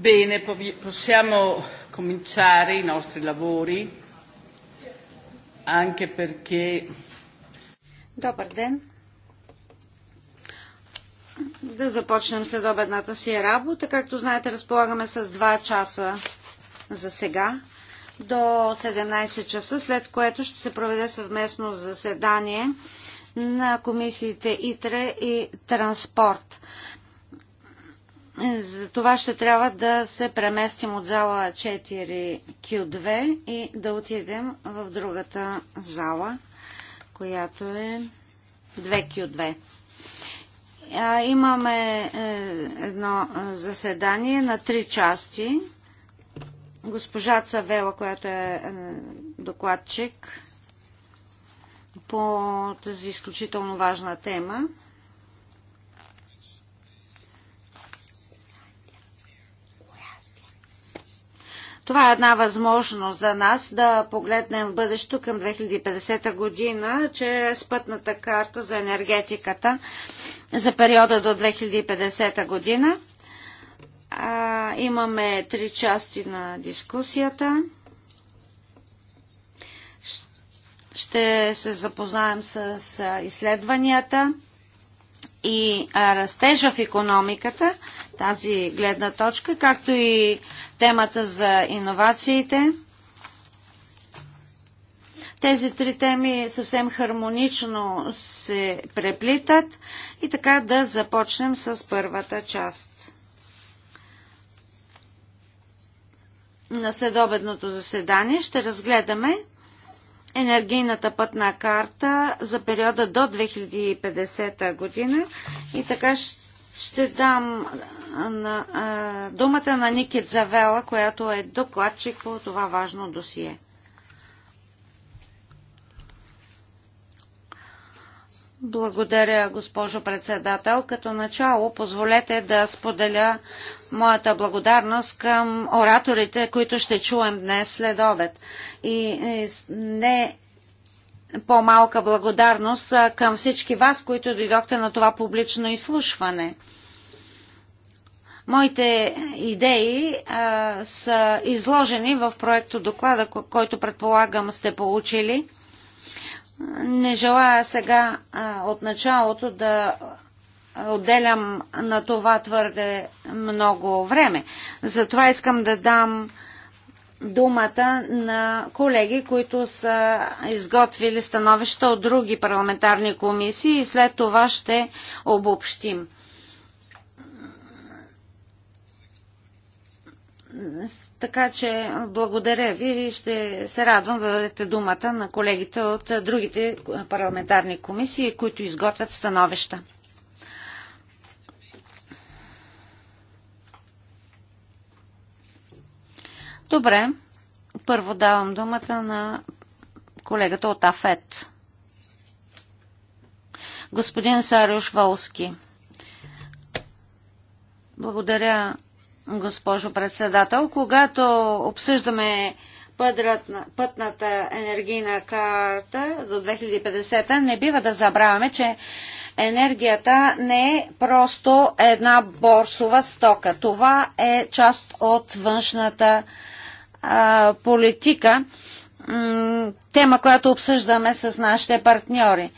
Bene, possiamo cominciare i nostri lavori, anche perché... Добър ден! Да започнем след обедната си работа. Както знаете, разполагаме с 2 часа за сега до 17 часа, след което ще се проведе съвместно заседание на комисиите ИТРЕ и Транспорт. За това ще трябва да се преместим от зала 4Q2 и да отидем в другата зала, която е 2Q2. Имаме е, едно е, заседание на три части. Госпожа Цавела, която е, е докладчик по тази изключително важна тема, Това е една възможност за нас да погледнем в бъдещето към 2050 година чрез пътната карта за енергетиката за периода до 2050 година. А, имаме три части на дискусията. Ще се запознаем с изследванията и растежа в економиката, тази гледна точка, както и темата за иновациите. Тези три теми съвсем хармонично се преплитат и така да започнем с първата част. На следобедното заседание ще разгледаме енергийната пътна карта за периода до 2050 година. И така ще дам на, а, думата на Никит Завела, която е докладчик по това важно досие. Благодаря, госпожо председател. Като начало, позволете да споделя моята благодарност към ораторите, които ще чуем днес след обед. И не по-малка благодарност към всички вас, които дойдохте на това публично изслушване. Моите идеи а, са изложени в проекто доклада, който предполагам сте получили – не желая сега а, от началото да отделям на това твърде много време. Затова искам да дам думата на колеги, които са изготвили становища от други парламентарни комисии и след това ще обобщим. Така че благодаря ви и ще се радвам да дадете думата на колегите от другите парламентарни комисии, които изготвят становища. Добре, първо давам думата на колегата от АФЕТ. Господин Сариуш Волски. Благодаря госпожо председател. Когато обсъждаме пътната енергийна карта до 2050, не бива да забравяме, че енергията не е просто една борсова стока. Това е част от външната а, политика, тема, която обсъждаме с нашите партньори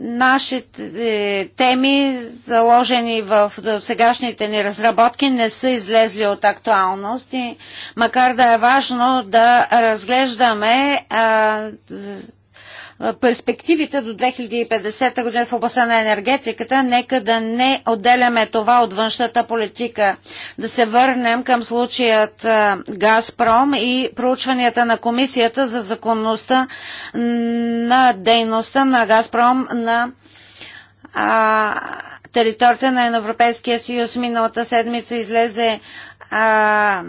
нашите е, теми, заложени в сегашните ни разработки, не са излезли от актуалност и макар да е важно да разглеждаме а, перспективите до 2050 година в областта на енергетиката, нека да не отделяме това от външната политика. Да се върнем към случаят Газпром и проучванията на комисията за законността на дейността на Газпром на а, територията на Европейския съюз. Миналата седмица излезе а,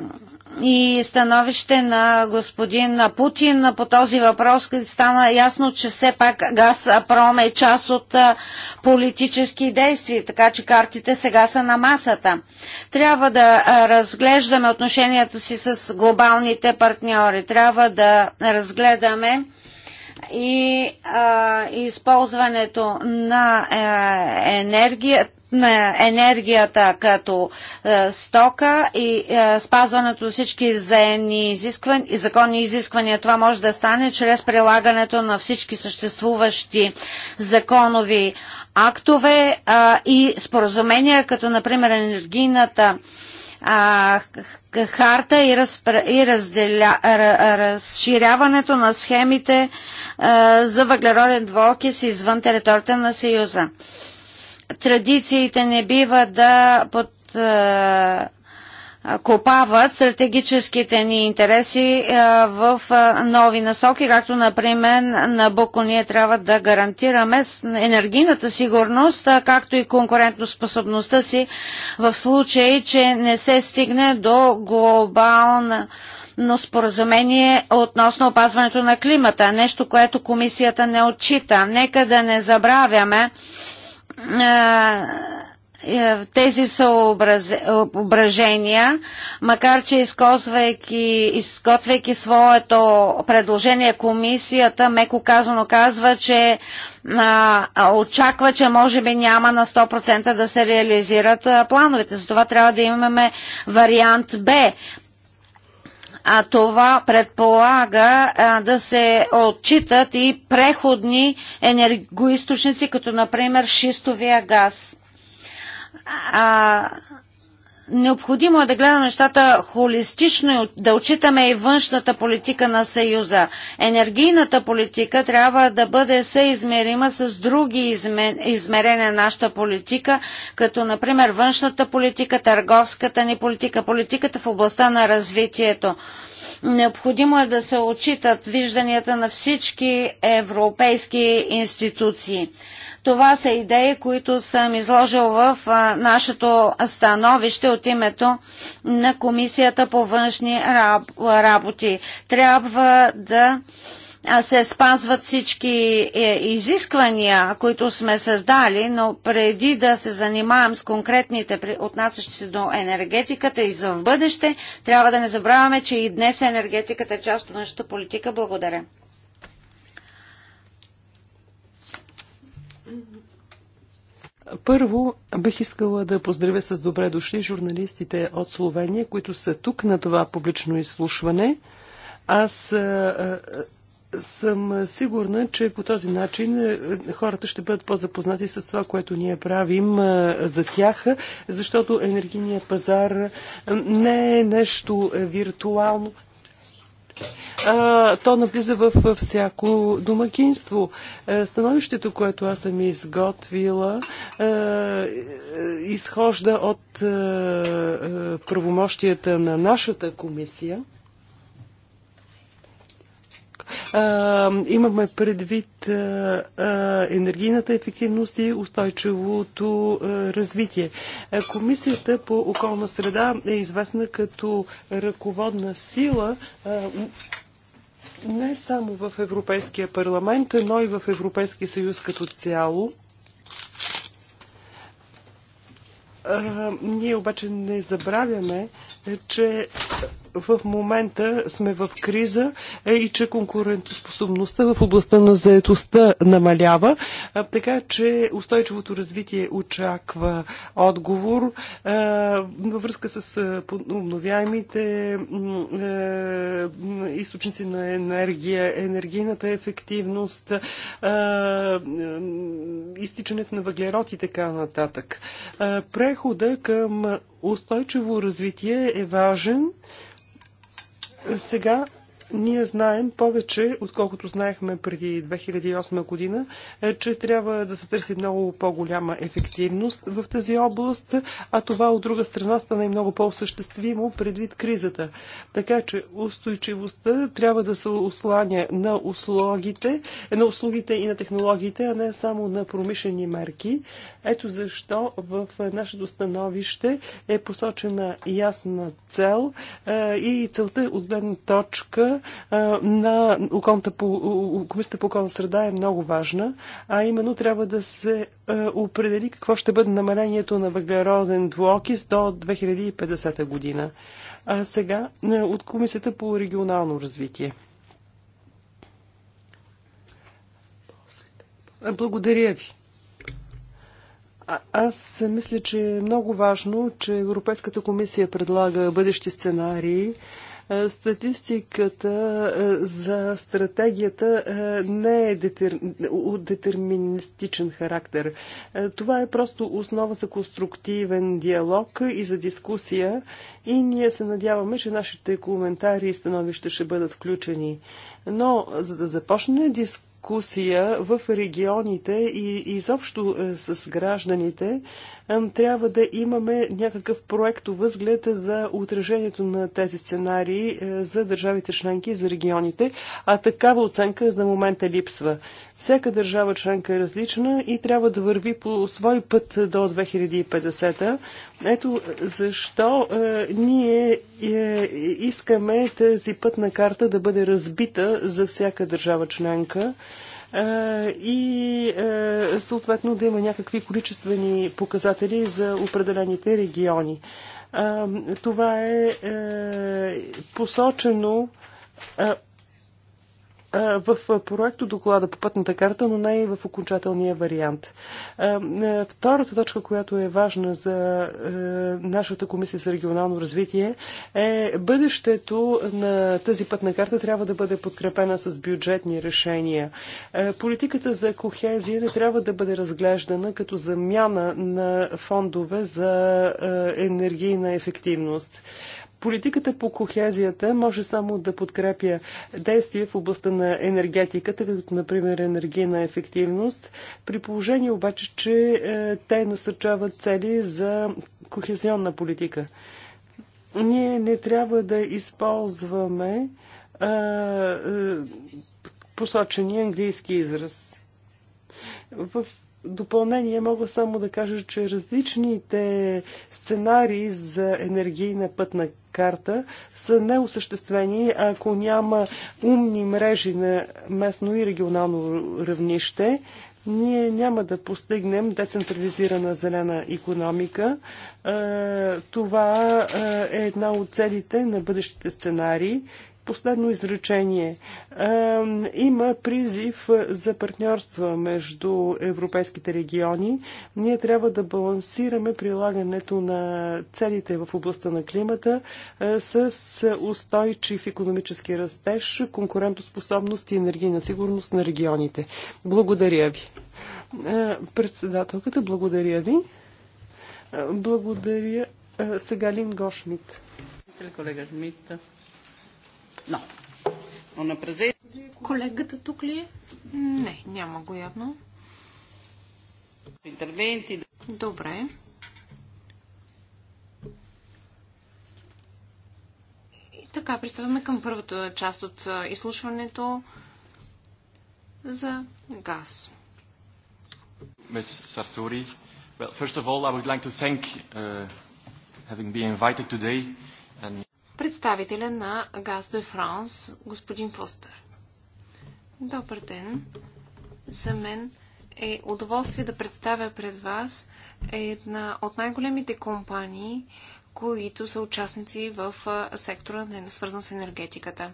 и становище на господин Путин по този въпрос, като стана ясно, че все пак Газпром е част от политически действия, така че картите сега са на масата. Трябва да разглеждаме отношението си с глобалните партньори, трябва да разгледаме и а, използването на а, енергията на енергията като е, стока и е, спазването на всички заедни изисквания, законни изисквания. Това може да стане чрез прилагането на всички съществуващи законови актове а, и споразумения, като например енергийната а, харта и, разпра... и разделя... разширяването на схемите а, за въглероден двуокис извън територията на Съюза традициите не бива да под е, копават стратегическите ни интереси е, в е, нови насоки, както например на Боко ние трябва да гарантираме енергийната сигурност, както и конкурентоспособността си в случай, че не се стигне до глобална но споразумение относно опазването на климата, нещо, което комисията не отчита. Нека да не забравяме, е, тези съображения, макар че изготвяйки, изготвяйки своето предложение комисията, меко казано казва, че а, очаква, че може би няма на 100% да се реализират а, плановете. Затова трябва да имаме вариант Б а това предполага а, да се отчитат и преходни енергоисточници, като например шистовия газ. А, Необходимо е да гледаме нещата холистично и да отчитаме и външната политика на Съюза. Енергийната политика трябва да бъде съизмерима с други измерения на нашата политика, като например външната политика, търговската ни политика, политиката в областта на развитието. Необходимо е да се отчитат вижданията на всички европейски институции. Това са идеи, които съм изложил в нашето становище от името на Комисията по външни работи. Трябва да се спазват всички е, изисквания, които сме създали, но преди да се занимавам с конкретните, отнасящи се до енергетиката и за в бъдеще, трябва да не забравяме, че и днес енергетиката е част от външната политика. Благодаря. Първо, бих искала да поздравя с добре дошли журналистите от Словения, които са тук на това публично изслушване. Аз съм сигурна, че по този начин хората ще бъдат по-запознати с това, което ние правим за тях, защото енергийният пазар не е нещо виртуално а, то навлиза в всяко домакинство. Е, становището, което аз съм изготвила, а, е, изхожда от а, е, правомощията на нашата комисия. Имаме предвид енергийната ефективност и устойчивото развитие. Комисията по околна среда е известна като ръководна сила не само в Европейския парламент, но и в Европейския съюз като цяло. А, ние обаче не забравяме, че в момента сме в криза е, и че конкурентоспособността в областта на заетостта намалява, така че устойчивото развитие очаква отговор във връзка с обновяемите източници на енергия, енергийната ефективност, изтичането на въглерод и така нататък. Прехода към устойчиво развитие е важен, сега ние знаем повече, отколкото знаехме преди 2008 година, е, че трябва да се търси много по-голяма ефективност в тази област, а това от друга страна стана и много по-осъществимо предвид кризата. Така че устойчивостта трябва да се осланя на услугите, на услугите и на технологиите, а не само на промишлени мерки. Ето защо в нашето становище е посочена ясна цел е, и целта е от гледна точка е, на Комисията по околна среда е много важна, а именно трябва да се определи какво ще бъде намалението на въглероден двуокис до 2050 година. А сега от Комисията по регионално развитие. Благодаря ви. А, аз мисля, че е много важно, че Европейската комисия предлага бъдещи сценарии. Е, статистиката е, за стратегията е, не е детер... от детерминистичен характер. Това е просто основа за конструктивен диалог и за дискусия и ние се надяваме, че нашите коментари и становища ще бъдат включени. Но за да започне дискусия, дискусия в регионите и изобщо е, с гражданите трябва да имаме някакъв проекто възглед за отражението на тези сценарии е, за държавите членки и за регионите, а такава оценка за момента липсва. Всяка държава членка е различна и трябва да върви по свой път до 2050. Ето е, защо е, ние е, искаме тази пътна карта да бъде разбита за всяка държава членка. Е, и е, съответно да има някакви количествени показатели за определените региони. Е, това е посочено в проекто доклада по пътната карта, но не и в окончателния вариант. Втората точка, която е важна за нашата комисия за регионално развитие е бъдещето на тази пътна карта трябва да бъде подкрепена с бюджетни решения. Политиката за кохезия не трябва да бъде разглеждана като замяна на фондове за енергийна ефективност. Политиката по кохезията може само да подкрепя действия в областта на енергетиката, като например енергийна ефективност, при положение обаче, че е, те насърчават цели за кохезионна политика. Ние не трябва да използваме а, е, а, е, посочения английски израз. В допълнение мога само да кажа, че различните сценарии за енергийна пътна карта са неосъществени, ако няма умни мрежи на местно и регионално равнище. Ние няма да постигнем децентрализирана зелена економика. Е, това е, е една от целите на бъдещите сценарии Последно изречение. Има призив за партньорство между европейските региони. Ние трябва да балансираме прилагането на целите в областта на климата с устойчив економически растеж, конкурентоспособност и енергийна сигурност на регионите. Благодаря ви. Председателката, благодаря ви. Благодаря. Сега Лин Гошмит. Колега Шмидт. Но. Но на презент... Колегата тук ли е? Не, няма го явно. Интервенти. Добре. И така, приставаме към първата част от изслушването за газ. Мис Сартори, well, first of all, I would like to thank uh, having been invited today and представителя на Газ де Франс, господин Фостер. Добър ден! За мен е удоволствие да представя пред вас една от най-големите компании, които са участници в сектора, не свързан с енергетиката.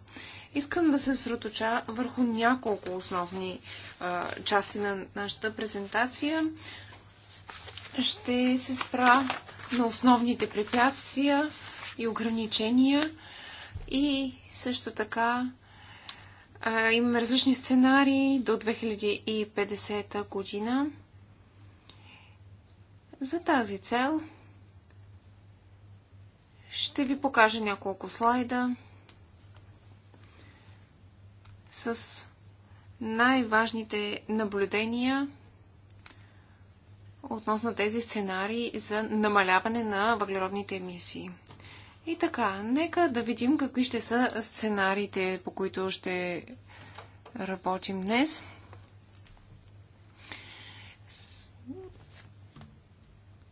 Искам да се сроточа върху няколко основни а, части на нашата презентация. Ще се спра на основните препятствия, и ограничения. И също така а, имаме различни сценарии до 2050 година. За тази цел ще ви покажа няколко слайда с най-важните наблюдения относно тези сценарии за намаляване на въглеродните емисии. И така, нека да видим какви ще са сценариите, по които ще работим днес.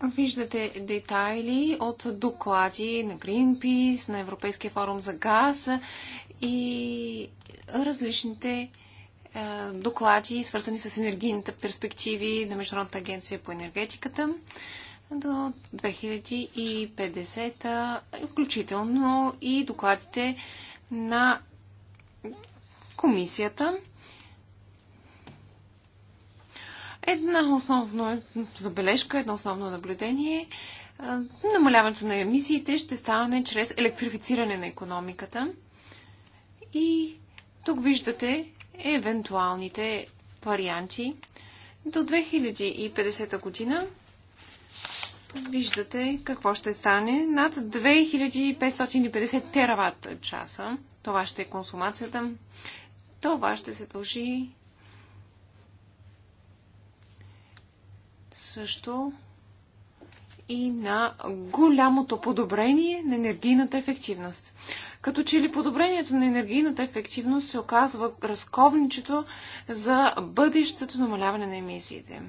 Виждате детайли от доклади на Greenpeace, на Европейския форум за газ и различните е, доклади, свързани с енергийните перспективи на Международната агенция по енергетиката до 2050, включително и докладите на комисията. Една основна е забележка, едно основно наблюдение намаляването на емисиите ще стане чрез електрифициране на економиката. И тук виждате евентуалните варианти. До 2050 година виждате какво ще стане. Над 2550 тераватт часа. Това ще е консумацията. Това ще се дължи също и на голямото подобрение на енергийната ефективност. Като че ли подобрението на енергийната ефективност се оказва разковничето за бъдещето намаляване на емисиите.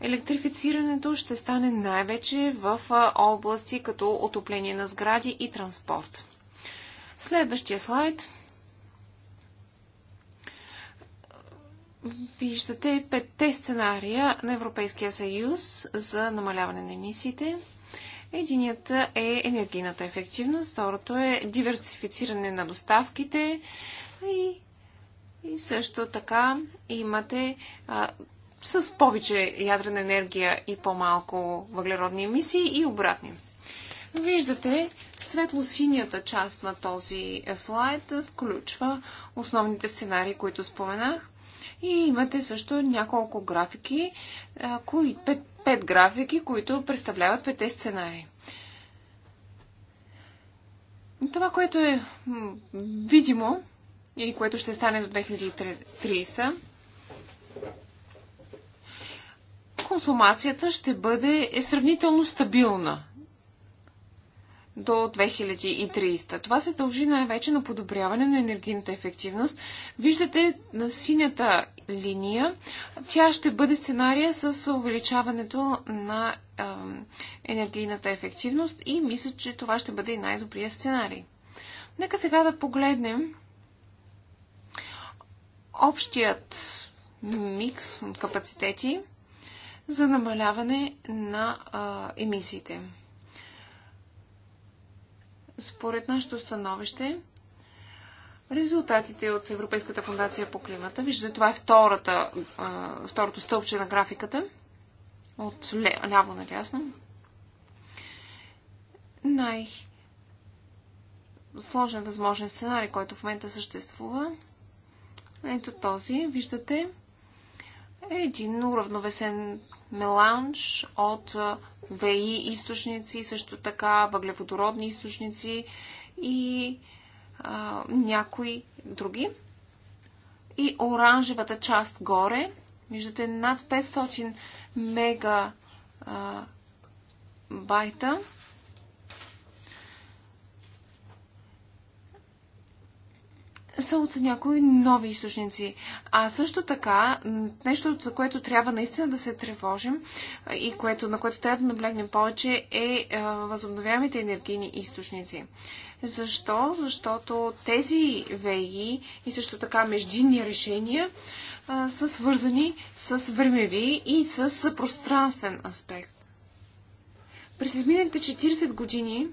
Електрифицирането ще стане най-вече в области като отопление на сгради и транспорт. Следващия слайд. Виждате петте сценария на Европейския съюз за намаляване на емисиите. Единият е енергийната ефективност, второто е диверсифициране на доставките и, и също така имате а, с повече ядрена енергия и по-малко въглеродни емисии и обратни. Виждате, светло-синята част на този слайд включва основните сценарии, които споменах. И имате също няколко графики, кои, пет, пет графики, които представляват пете сценарии. Това, което е видимо и което ще стане до 2300, консумацията ще бъде е сравнително стабилна до 2030. Това се дължи най-вече на подобряване на енергийната ефективност. Виждате на синята линия, тя ще бъде сценария с увеличаването на енергийната ефективност и мисля, че това ще бъде и най-добрия сценарий. Нека сега да погледнем общият микс от капацитети – за намаляване на а, емисиите. Според нашето становище, резултатите от Европейската фундация по климата, виждате, това е втората, а, второто стълбче на графиката, от ляво на дясно. Най-сложен възможен сценарий, който в момента съществува, ето този, виждате, е един уравновесен меланж от ВИ източници, също така въглеводородни източници и а, някои други. И оранжевата част горе, виждате над 500 мега а, байта са от някои нови източници. А също така, нещо, за което трябва наистина да се тревожим и което, на което трябва да наблегнем повече, е възобновяемите енергийни източници. Защо? Защото тези веги и също така междинни решения са свързани с времеви и с пространствен аспект. През изминалите 40 години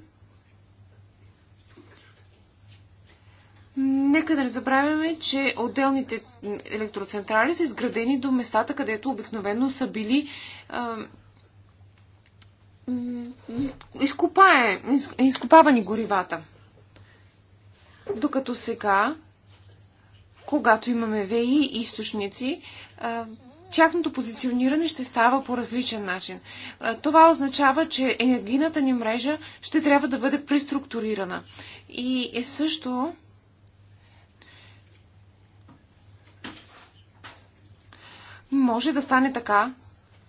Нека да не забравяме, че отделните електроцентрали са изградени до местата, където обикновено са били а, изкупавани горивата. Докато сега, когато имаме ВИ източници, а, тяхното позициониране ще става по различен начин. Това означава, че енергийната ни мрежа ще трябва да бъде преструктурирана. И е също може да стане така,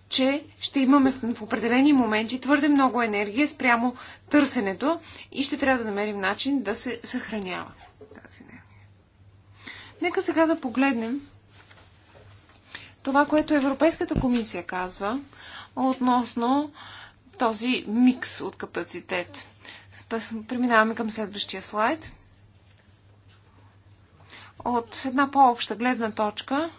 че ще имаме в определени моменти твърде много енергия спрямо търсенето и ще трябва да намерим начин да се съхранява тази енергия. Нека сега да погледнем това, което Европейската комисия казва относно този микс от капацитет. Преминаваме към следващия слайд. От една по-обща гледна точка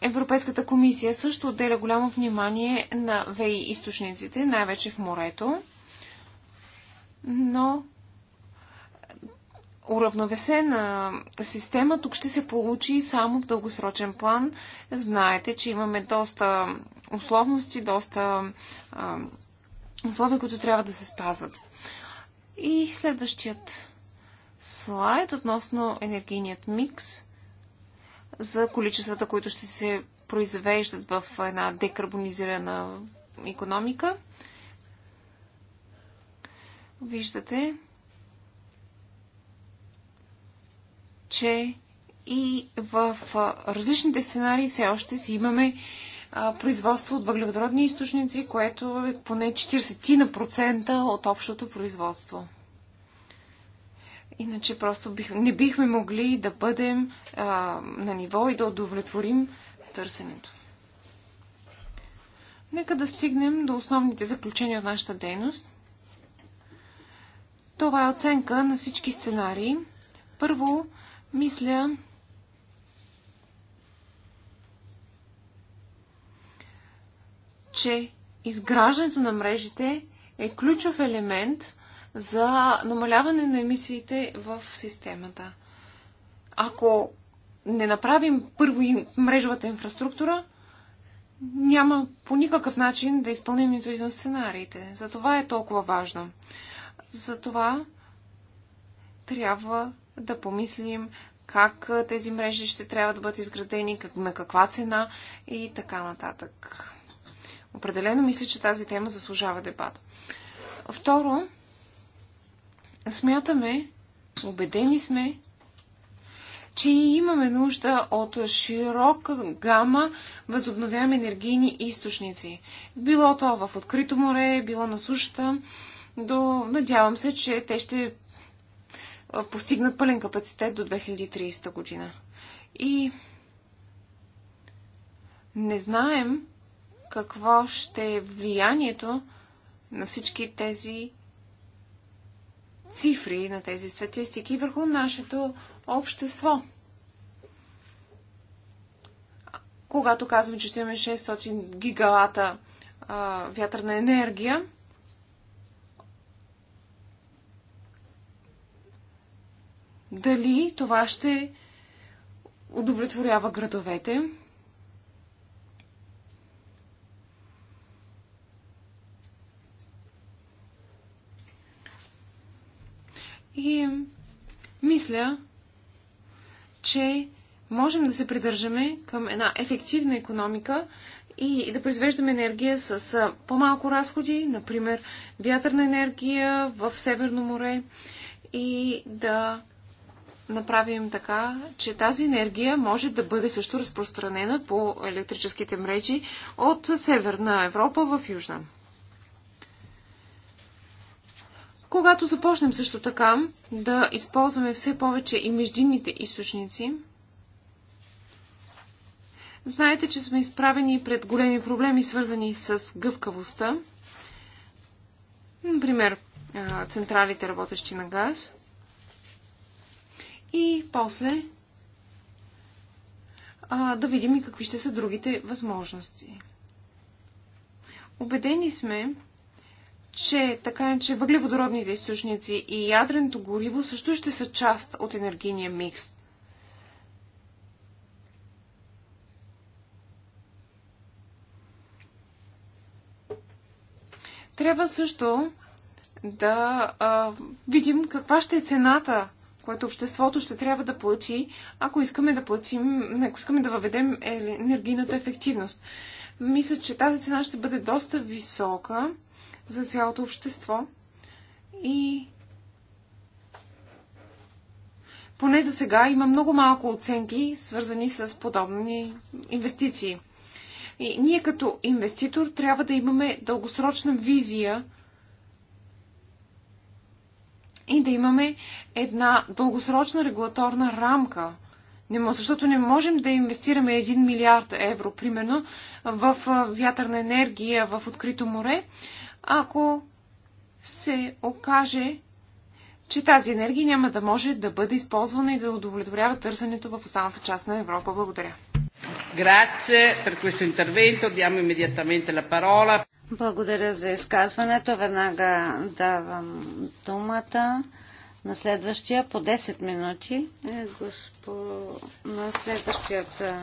Европейската комисия също отделя голямо внимание на ВИ източниците, най-вече в морето, но уравновесена система тук ще се получи само в дългосрочен план. Знаете, че имаме доста условности, доста а, условия, които трябва да се спазват. И следващият слайд относно енергийният микс – за количествата, които ще се произвеждат в една декарбонизирана економика. Виждате, че и в различните сценарии все още си имаме производство от въглеводородни източници, което е поне 40% от общото производство. Иначе просто бих, не бихме могли да бъдем а, на ниво и да удовлетворим търсенето. Нека да стигнем до основните заключения от нашата дейност. Това е оценка на всички сценарии. Първо, мисля, че изграждането на мрежите е ключов елемент – за намаляване на емисиите в системата. Ако не направим първо и мрежовата инфраструктура, няма по никакъв начин да изпълним нито един от сценариите. Затова е толкова важно. Затова трябва да помислим как тези мрежи ще трябва да бъдат изградени, как, на каква цена и така нататък. Определено мисля, че тази тема заслужава дебат. Второ, смятаме, убедени сме, че имаме нужда от широка гама възобновяем енергийни източници. Било то в открито море, било на сушата. До... Надявам се, че те ще постигнат пълен капацитет до 2030 година. И не знаем какво ще е влиянието на всички тези цифри, на тези статистики върху нашето общество. Когато казваме, че ще имаме 600 гигавата а, вятърна енергия, дали това ще удовлетворява градовете? мисля, че можем да се придържаме към една ефективна економика и да произвеждаме енергия с по-малко разходи, например вятърна енергия в Северно море и да направим така, че тази енергия може да бъде също разпространена по електрическите мрежи от Северна Европа в Южна. Когато започнем също така да използваме все повече и междинните източници, знаете, че сме изправени пред големи проблеми, свързани с гъвкавостта. Например, централите работещи на газ. И после да видим и какви ще са другите възможности. Обедени сме, че така че въглеводородните източници и ядреното гориво също ще са част от енергийния микс. Трябва също да а, видим каква ще е цената, която обществото ще трябва да плати, ако искаме да платим, ако искаме да въведем е, енергийната ефективност. Мисля, че тази цена ще бъде доста висока за цялото общество. И поне за сега има много малко оценки, свързани с подобни инвестиции. И ние като инвеститор трябва да имаме дългосрочна визия и да имаме една дългосрочна регулаторна рамка. Не, защото не можем да инвестираме 1 милиард евро, примерно, в вятърна енергия в открито море, ако се окаже, че тази енергия няма да може да бъде използвана и да удовлетворява търсенето в останалата част на Европа. Благодаря. Благодаря за изказването. Веднага давам думата на следващия по 10 минути. Е, госпо... На следващият е,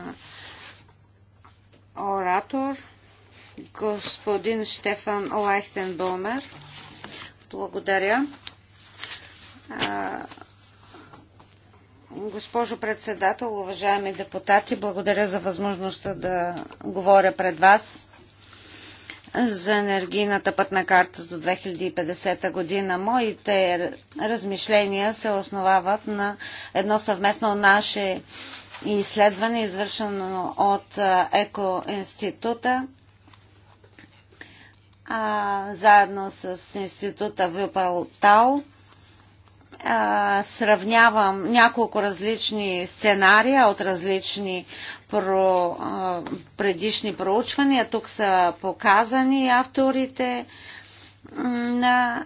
оратор господин Штефан Лайхтенбомер. Благодаря. Госпожо председател, уважаеми депутати, благодаря за възможността да говоря пред вас за енергийната пътна карта до 2050 година. Моите размишления се основават на едно съвместно наше изследване, извършено от Екоинститута. института а, заедно с института Випалтал. Сравнявам няколко различни сценария от различни про, а, предишни проучвания. Тук са показани авторите на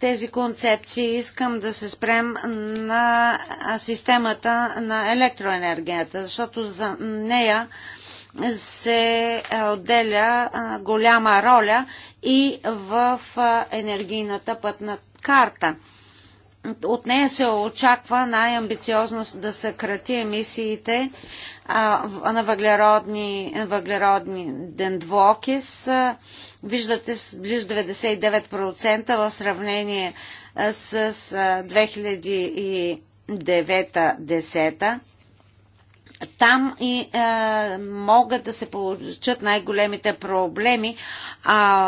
тези концепции искам да се спрем на системата на електроенергията, защото за нея се е, отделя е, голяма роля и в е, енергийната пътна карта. От нея се очаква най-амбициозно да съкрати емисиите на въглеродни, въглеродни с Виждате с близо 99% в сравнение с 2009-10 там и е, могат да се получат най-големите проблеми е,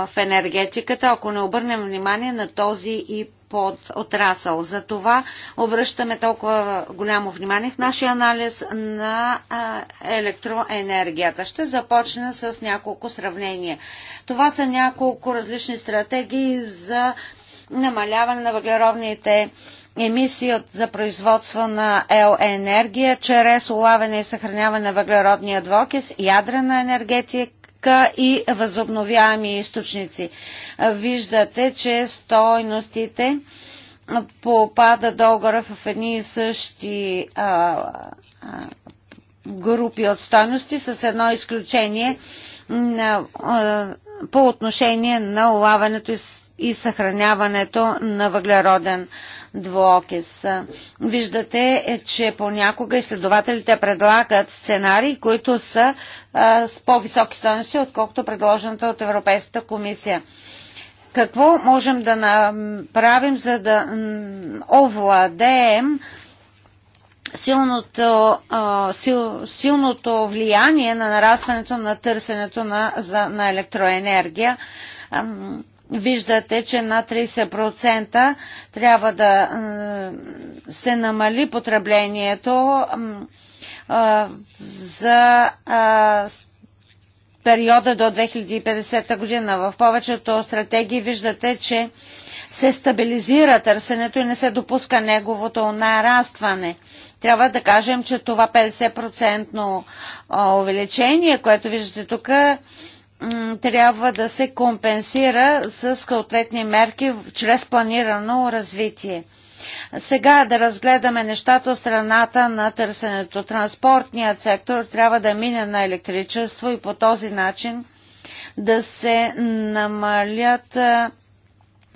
в енергетиката, ако не обърнем внимание на този и под отрасъл. За това обръщаме толкова голямо внимание в нашия анализ на електроенергията. Ще започна с няколко сравнения. Това са няколко различни стратегии за намаляване на въглеровните емисии от, за производство на ел енергия чрез улавяне и съхраняване на въглеродния двокис, ядрена енергетика и възобновяеми източници. Виждате, че стойностите попада долгора в едни и същи а, а, групи от стойности, с едно изключение на, а, по отношение на улаването и и съхраняването на въглероден двуокис. Виждате, е, че понякога изследователите предлагат сценарии, които са с по-високи стоености, отколкото предложената от Европейската комисия. Какво можем да направим, за да овладеем силното, сил, силното влияние на нарастването на търсенето на, за, на електроенергия? Виждате, че на 30% трябва да се намали потреблението за периода до 2050 година. В повечето стратегии виждате, че се стабилизира търсенето и не се допуска неговото нарастване. Трябва да кажем, че това 50% увеличение, което виждате тук, трябва да се компенсира с съответни мерки чрез планирано развитие. Сега да разгледаме нещата от страната на търсенето. Транспортният сектор трябва да мине на електричество и по този начин да се намалят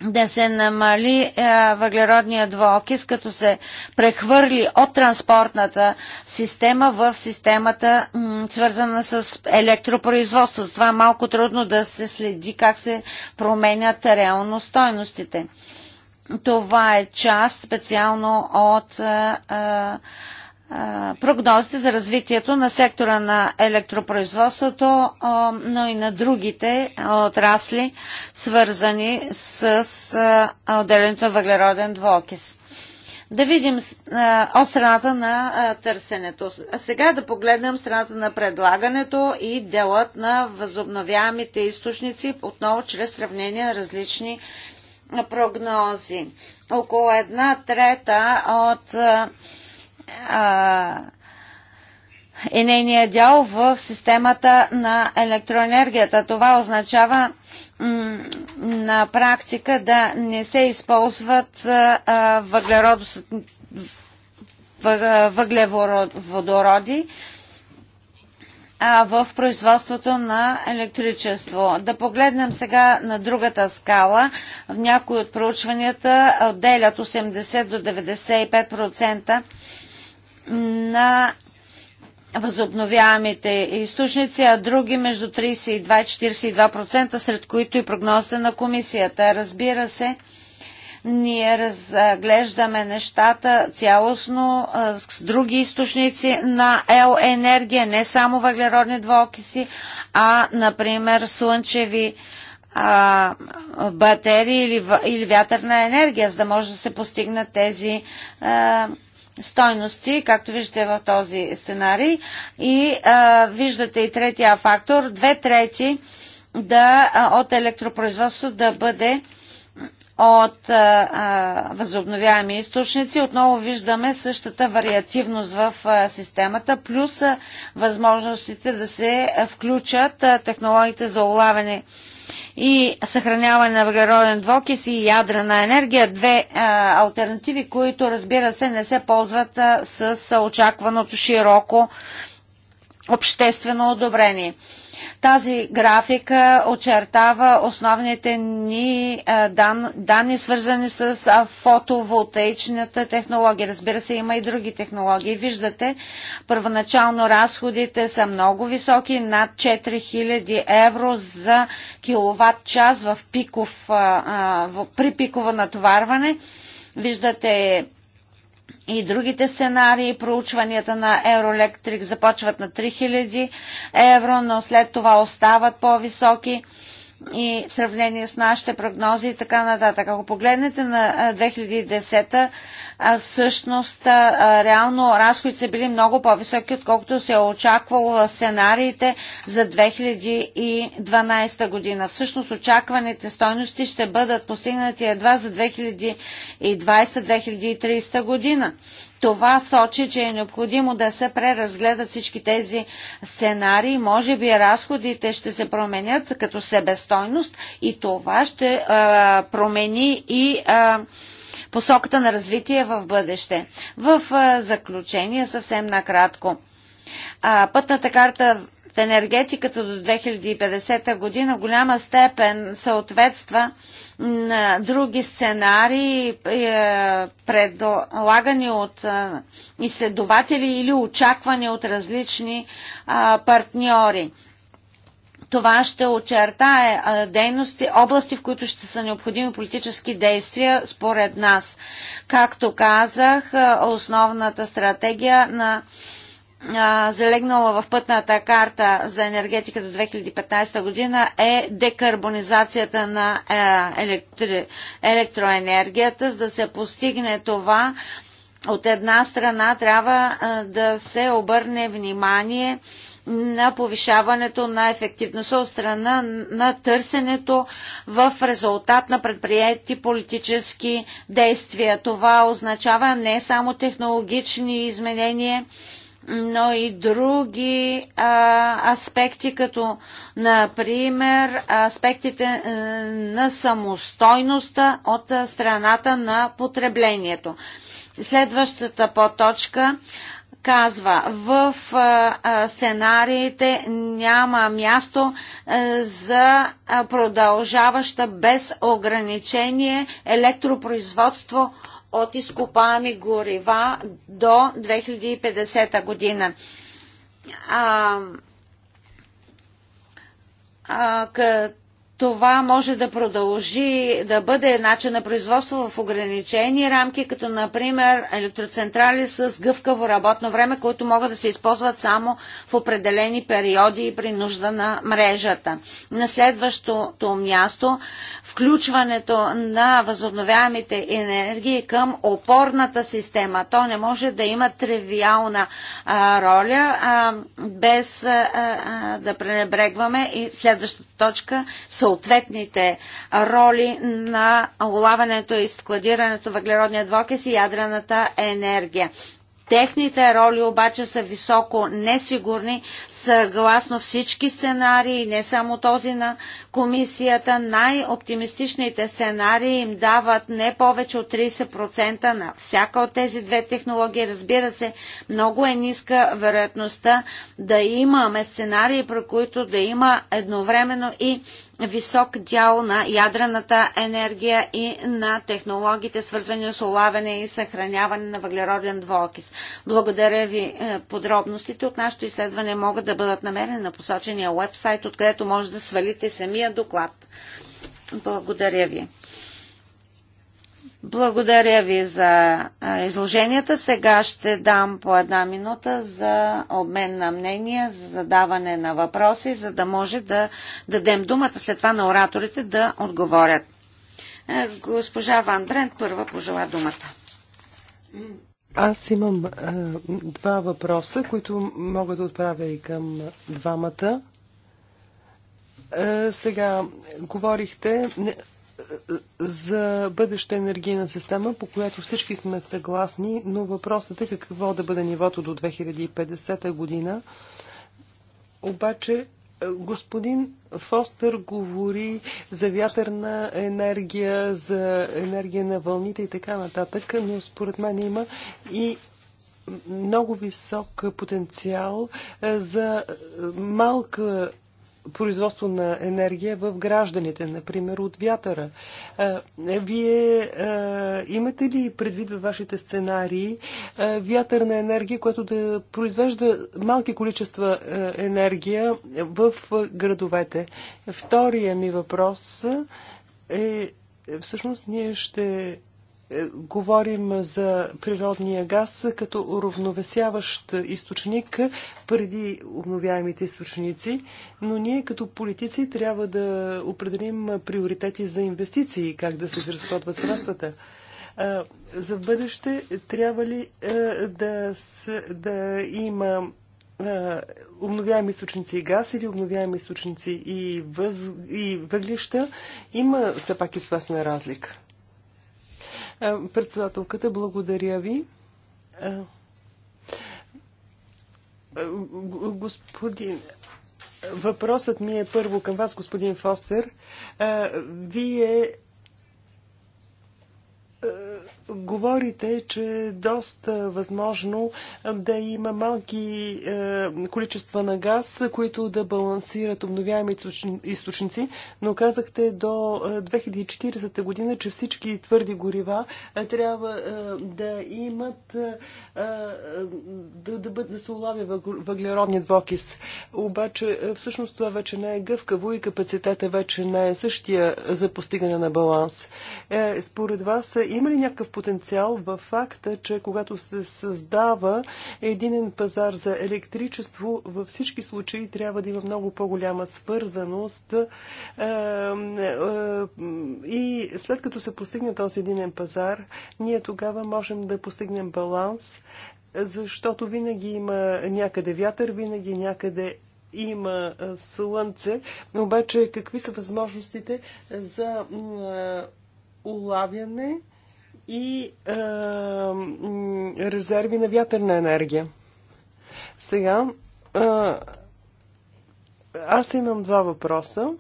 да се намали е, въглеродния двуокис, като се прехвърли от транспортната система в системата, свързана с електропроизводство. Затова е малко трудно да се следи как се променят реално стойностите. Това е част специално от а, е, а, е, прогнозите за развитието на сектора на електропроизводството, но и на другите отрасли, свързани с отделянето на въглероден двокис. Да видим от страната на търсенето. А сега да погледнем страната на предлагането и делът на възобновяемите източници, отново чрез сравнение на различни прогнози. Около една трета от а, е нейния дял в системата на електроенергията. Това означава на практика да не се използват а, въглеводороди а, в производството на електричество. Да погледнем сега на другата скала. В някои от проучванията отделят 80 до 95% на възобновяемите източници, а други между 32 и 42%, сред които и прогнозите на комисията. Разбира се, ние разглеждаме нещата цялостно с други източници на ел енергия, не само въглеродни двуокиси, а например слънчеви батерии или, или вятърна енергия, за да може да се постигнат тези а, стойности, както виждате в този сценарий. И а, виждате и третия фактор, две трети да, от електропроизводство да бъде от а, а, възобновяеми източници. Отново виждаме същата вариативност в а, системата, плюс а, възможностите да се включат а, технологиите за улавяне и съхраняване на въглероден двокис и ядрена енергия. Две а, альтернативи, които разбира се не се ползват а, с очакваното широко обществено одобрение. Тази графика очертава основните ни е, дан, данни, свързани с е, фотоволтаичната технология. Разбира се, има и други технологии. Виждате, първоначално разходите са много високи, над 4000 евро за киловатт час в пиков, е, при пиково натоварване. Виждате и другите сценарии. Проучванията на Euroelectric започват на 3000 евро, но след това остават по-високи и в сравнение с нашите прогнози и така нататък. Ако погледнете на 2010, всъщност реално разходите са били много по-високи, отколкото се е очаквало в сценариите за 2012 година. Всъщност очакваните стойности ще бъдат постигнати едва за 2020-2030 година. Това сочи, че е необходимо да се преразгледат всички тези сценарии. Може би разходите ще се променят като себестойност и това ще а, промени и а, посоката на развитие в бъдеще. В а, заключение съвсем накратко. А, пътната карта енергетиката до 2050 година в голяма степен съответства на други сценарии, е, предлагани от е, изследователи или очаквани от различни е, партньори. Това ще очертае дейности, области, в които ще са необходими политически действия, според нас. Както казах, основната стратегия на залегнала в пътната карта за енергетика до 2015 година е декарбонизацията на е, електри, електроенергията, за да се постигне това. От една страна трябва да се обърне внимание на повишаването на ефективността от страна на търсенето в резултат на предприяти политически действия. Това означава не само технологични изменения, но и други а, аспекти, като например аспектите а, е, на самостойността от а, е, страната на потреблението. Следващата поточка казва, в а, е, сценариите няма място а, за продължаваща без ограничение електропроизводство от изкопаеми горива до 2050 година. А, а, това може да продължи да бъде начин на производство в ограничени рамки, като например електроцентрали с гъвкаво работно време, които могат да се използват само в определени периоди и при нужда на мрежата. На следващото място включването на възобновяемите енергии към опорната система. То не може да има тривиална а, роля а, без а, а, да пренебрегваме и следващата точка – съответните роли на улаването и складирането въглеродния двокис и ядрената енергия. Техните роли обаче са високо несигурни, съгласно всички сценарии, не само този на комисията. Най-оптимистичните сценарии им дават не повече от 30% на всяка от тези две технологии. Разбира се, много е ниска вероятността да имаме сценарии, при които да има едновременно и висок дял на ядрената енергия и на технологиите, свързани с улавяне и съхраняване на въглероден двуокис. Благодаря ви е, подробностите от нашето изследване могат да бъдат намерени на посочения вебсайт, откъдето може да свалите самия доклад. Благодаря ви. Благодаря ви за изложенията. Сега ще дам по една минута за обмен на мнения, за задаване на въпроси, за да може да дадем думата след това на ораторите да отговорят. Е, госпожа Ван Брент първа пожела думата. Аз имам е, два въпроса, които мога да отправя и към двамата. Е, сега, говорихте за бъдеща енергийна система, по която всички сме съгласни, но въпросът е какво да бъде нивото до 2050 година. Обаче е, господин Фостер говори за вятърна енергия, за енергия на вълните и така нататък, но според мен има и много висок потенциал е, за малка производство на енергия в гражданите, например от вятъра. Е, вие имате ли предвид във вашите сценарии вятърна енергия, която да произвежда малки количества енергия в градовете? Втория ми въпрос е всъщност ние ще е, говорим за природния газ като уравновесяващ източник преди обновяемите източници, но ние като политици трябва да определим приоритети за инвестиции, как да се изразходват средствата. За в бъдеще трябва ли да, да има обновяеми източници и газ или обновяеми източници и, въз, и въглища, има все пак известна разлика. Е, председателката, благодаря ви. Е, е, господин, въпросът ми е първо към вас, господин Фостер. Вие говорите, че е доста възможно да има малки е, количества на газ, които да балансират обновяеми източници, но казахте до 2040 е, година, че всички твърди горива е, трябва да имат да, да, да се улавя въглеродният двокис. Обаче всъщност това вече не е гъвкаво и капацитета вече не е същия за постигане на баланс. Е, според вас има ли някакъв потенциал в факта, че когато се създава единен пазар за електричество, във всички случаи трябва да има много по-голяма свързаност е, е, и след като се постигне този единен пазар, ние тогава можем да постигнем баланс, защото винаги има някъде вятър, винаги някъде има е, слънце, но обаче какви са възможностите за улавяне и е, резерви на вятърна енергия. Сега, е, аз имам два въпроса.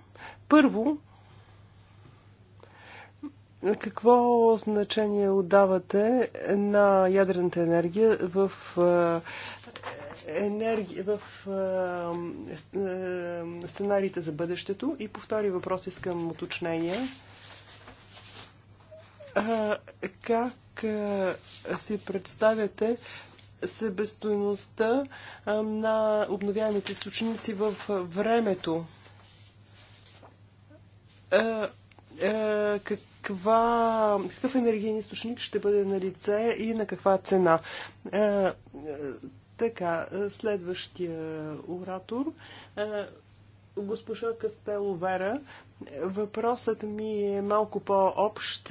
Първо, какво значение отдавате на ядрената енергия в енергия в сценариите за бъдещето? И по втори въпрос искам уточнение как си представяте себестойността на обновяемите източници в времето? каква, какъв енергиен източник ще бъде на лице и на каква цена? Така, следващия оратор. Госпожа Кастело Вера, въпросът ми е малко по-общ.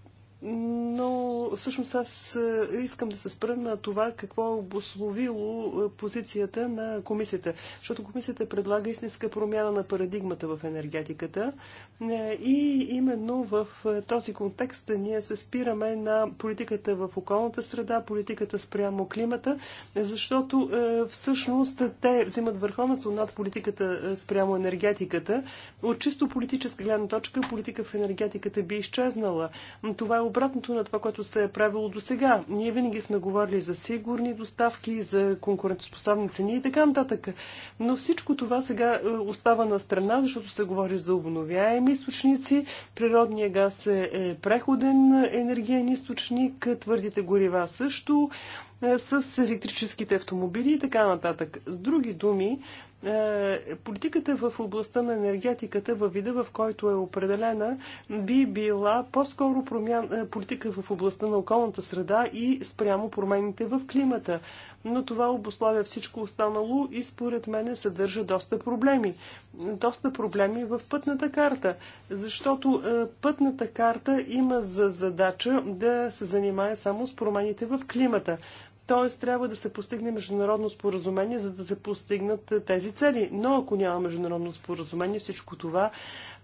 но всъщност аз е, искам да се спра на това какво е обословило е, позицията на комисията. Защото комисията предлага истинска промяна на парадигмата в енергетиката е, и именно в този контекст ние се спираме на политиката в околната среда, политиката спрямо климата, защото всъщност те взимат върховенство над политиката спрямо енергетиката. От чисто политическа гледна точка политика в енергетиката би изчезнала. Това е обратното на това, което се е правило до сега. Ние винаги сме говорили за сигурни доставки, за конкурентоспособни цени и така нататък. Но всичко това сега е, остава на страна, защото се говори за обновяеми източници. Природния газ е, е преходен енергиен източник, твърдите горива също е, с електрическите автомобили и така нататък. С други думи, е, политиката в областта на енергетиката, във вида в който е определена, би била по-скоро промян... Е, политика в областта на околната среда и спрямо промените в климата. Но това обославя всичко останало и според мене съдържа доста проблеми. Доста проблеми в пътната карта, защото е, пътната карта има за задача да се занимае само с промените в климата т.е. трябва да се постигне международно споразумение, за да се постигнат е, тези цели. Но ако няма международно споразумение, всичко това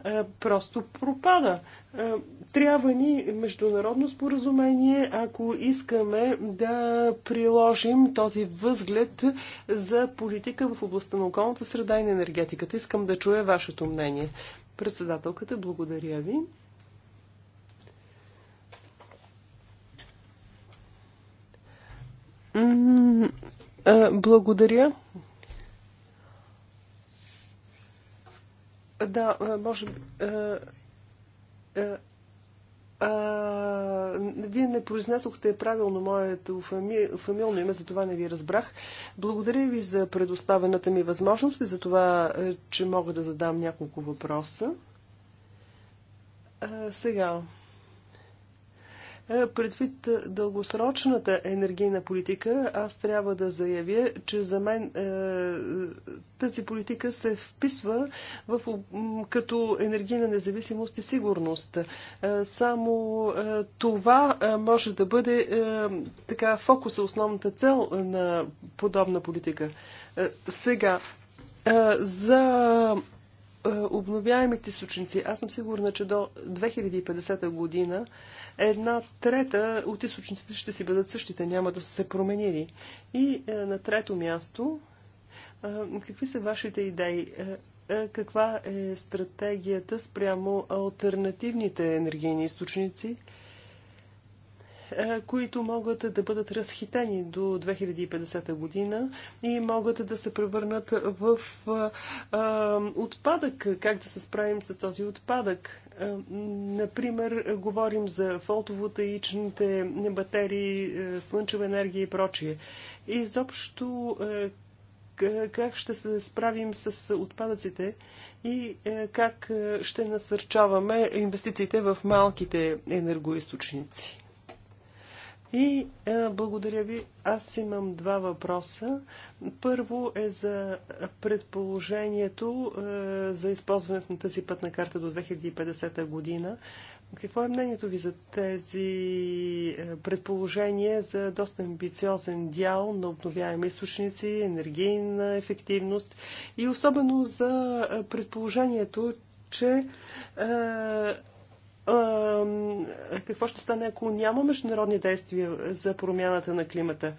е, просто пропада. Е, трябва ни международно споразумение, ако искаме да приложим този възглед за политика в областта на околната среда и на енергетиката. Искам да чуя вашето мнение. Председателката, благодаря ви. Благодаря. Да, може би. А, вие не произнесохте правилно моето фами... фамилно име, за това не ви разбрах. Благодаря ви за предоставената ми възможност и за това, че мога да задам няколко въпроса. А, сега. Е, предвид дългосрочната енергийна политика, аз трябва да заявя, че за мен е, тази политика се вписва в, като енергийна независимост и сигурност. Е, само това може да бъде така фокуса, основната цел на подобна политика. Сега, за е, обновяемите източници. Аз съм сигурна, че до 2050 година една трета от източниците ще си бъдат същите, няма да са се променили. И е, на трето място, е, какви са вашите идеи? Каква е стратегията спрямо альтернативните енергийни източници? Е, които могат да бъдат разхитени до 2050 година и могат да се превърнат в е, е, отпадък. Как да се справим с този отпадък? Например, говорим за фотоволтаичните батерии, слънчева енергия и прочие. Изобщо как ще се справим с отпадъците и как ще насърчаваме инвестициите в малките енергоисточници. И е, благодаря ви. Аз имам два въпроса. Първо е за предположението е, за използването на тази пътна карта до 2050 година. Какво е мнението ви за тези е, предположения за доста амбициозен дял на обновяеми източници, енергийна ефективност и особено за е, предположението, че е, какво ще стане, ако няма международни действия за промяната на климата?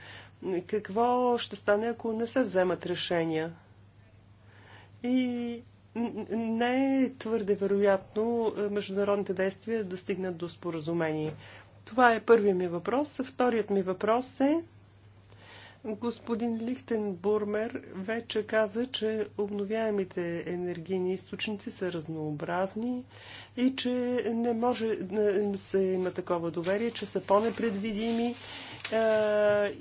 Какво ще стане, ако не се вземат решения? И не е твърде вероятно е, международните действия да стигнат до споразумение. Това е първият ми въпрос. Вторият ми въпрос е Господин Лихтенбурмер вече каза, че обновяемите енергийни източници са разнообразни и че не може да се има такова доверие, че са по-непредвидими е,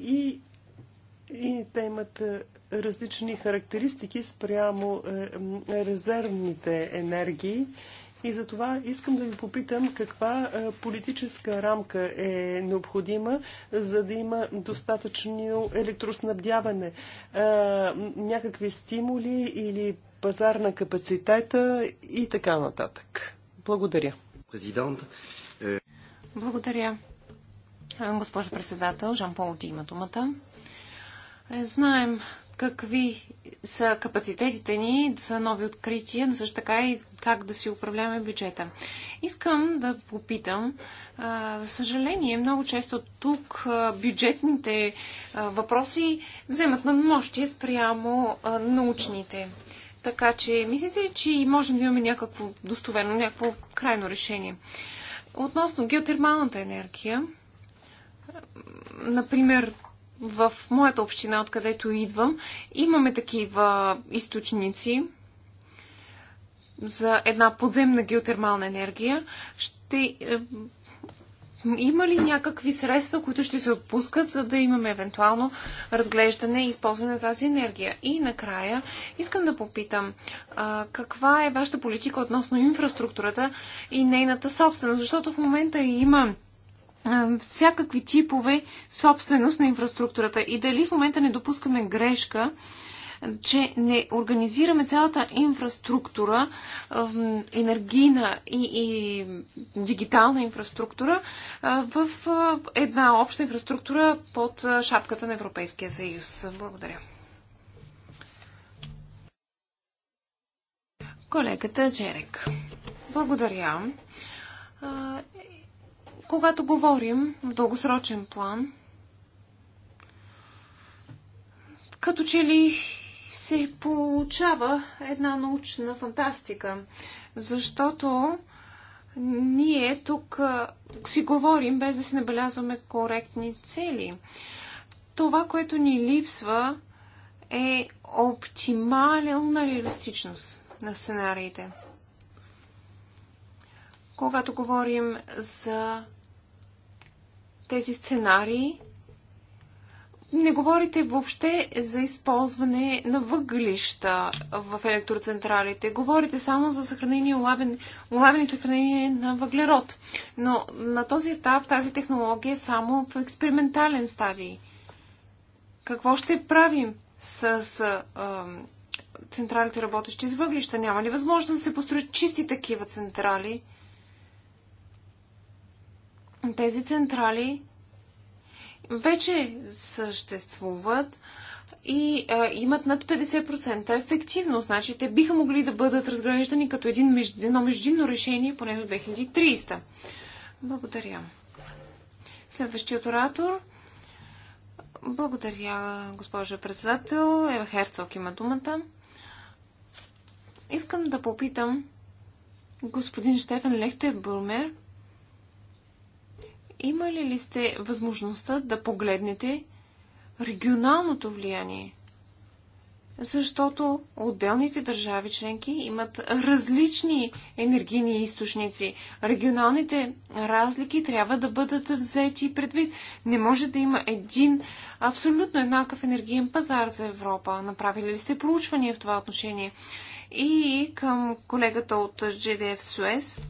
и, и те имат различни характеристики спрямо е, резервните енергии и за това искам да ви попитам каква е, политическа рамка е необходима, за да има достатъчно електроснабдяване. Е, някакви стимули или пазар на капацитета и така нататък. Благодаря. Президент. Е, Благодаря. Госпожо председател, Жан Пол, ти има думата. Знаем какви са капацитетите ни за нови открития, но също така и как да си управляваме бюджета. Искам да попитам, за съжаление, много често тук бюджетните въпроси вземат надмощие спрямо научните. Така че, мислите ли, че можем да имаме някакво достоверно, някакво крайно решение? Относно геотермалната енергия, например, в моята община, откъдето идвам, имаме такива източници за една подземна геотермална енергия. Ще е, има ли някакви средства, които ще се отпускат, за да имаме евентуално разглеждане и използване на тази енергия? И накрая искам да попитам, а, каква е вашата политика относно инфраструктурата и нейната собственост? Защото в момента има всякакви типове собственост на инфраструктурата и дали в момента не допускаме грешка, че не организираме цялата инфраструктура, енергийна и, и дигитална инфраструктура в една обща инфраструктура под шапката на Европейския съюз. Благодаря. Колегата Джерек. Благодаря когато говорим в дългосрочен план, като че ли се получава една научна фантастика, защото ние тук си говорим без да си набелязваме коректни цели. Това, което ни липсва е оптимална реалистичност на сценариите. Когато говорим за тези сценарии. Не говорите въобще за използване на въглища в електроцентралите. Говорите само за съхранение, улавен, улавен и съхранение на въглерод. Но на този етап тази технология е само в експериментален стадий. Какво ще правим с, с а, централите, работещи с въглища? Няма ли възможност да се построят чисти такива централи? тези централи вече съществуват и а, имат над 50% ефективност. Значи те биха могли да бъдат разглеждани като един, едно междинно решение поне до 2300. Благодаря. Следващият оратор. Благодаря, госпожа председател. Ева Херцог има думата. Искам да попитам господин Штефан Лехте Бурмер – имали ли сте възможността да погледнете регионалното влияние? Защото отделните държави членки имат различни енергийни източници. Регионалните разлики трябва да бъдат взети предвид. Не може да има един абсолютно еднакъв енергиен пазар за Европа. Направили ли сте проучвания в това отношение? И към колегата от GDF Суес –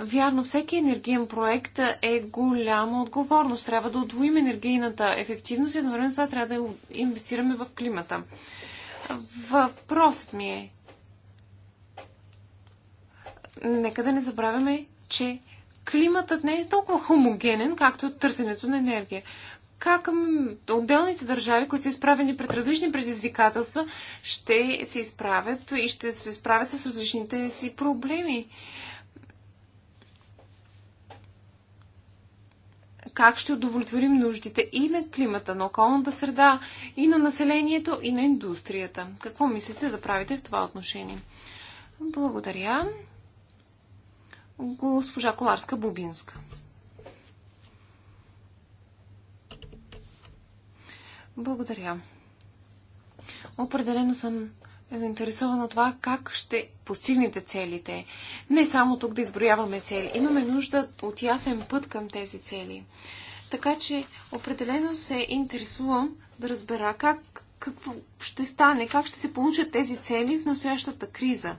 Вярно, всеки енергиен проект е голяма отговорност. Трябва да отвоим енергийната ефективност и едновременно с това трябва да инвестираме в климата. Въпросът ми е. Нека да не забравяме, че климатът не е толкова хомогенен, както търсенето на енергия. Как отделните държави, които са изправени пред различни предизвикателства, ще се изправят и ще се справят с различните си проблеми. как ще удовлетворим нуждите и на климата, на околната среда, и на населението, и на индустрията. Какво мислите да правите в това отношение? Благодаря. Госпожа Коларска-Бубинска. Благодаря. Определено съм е заинтересован от това как ще постигнете целите. Не само тук да изброяваме цели. Имаме нужда от ясен път към тези цели. Така че определено се интересувам да разбера как, какво ще стане, как ще се получат тези цели в настоящата криза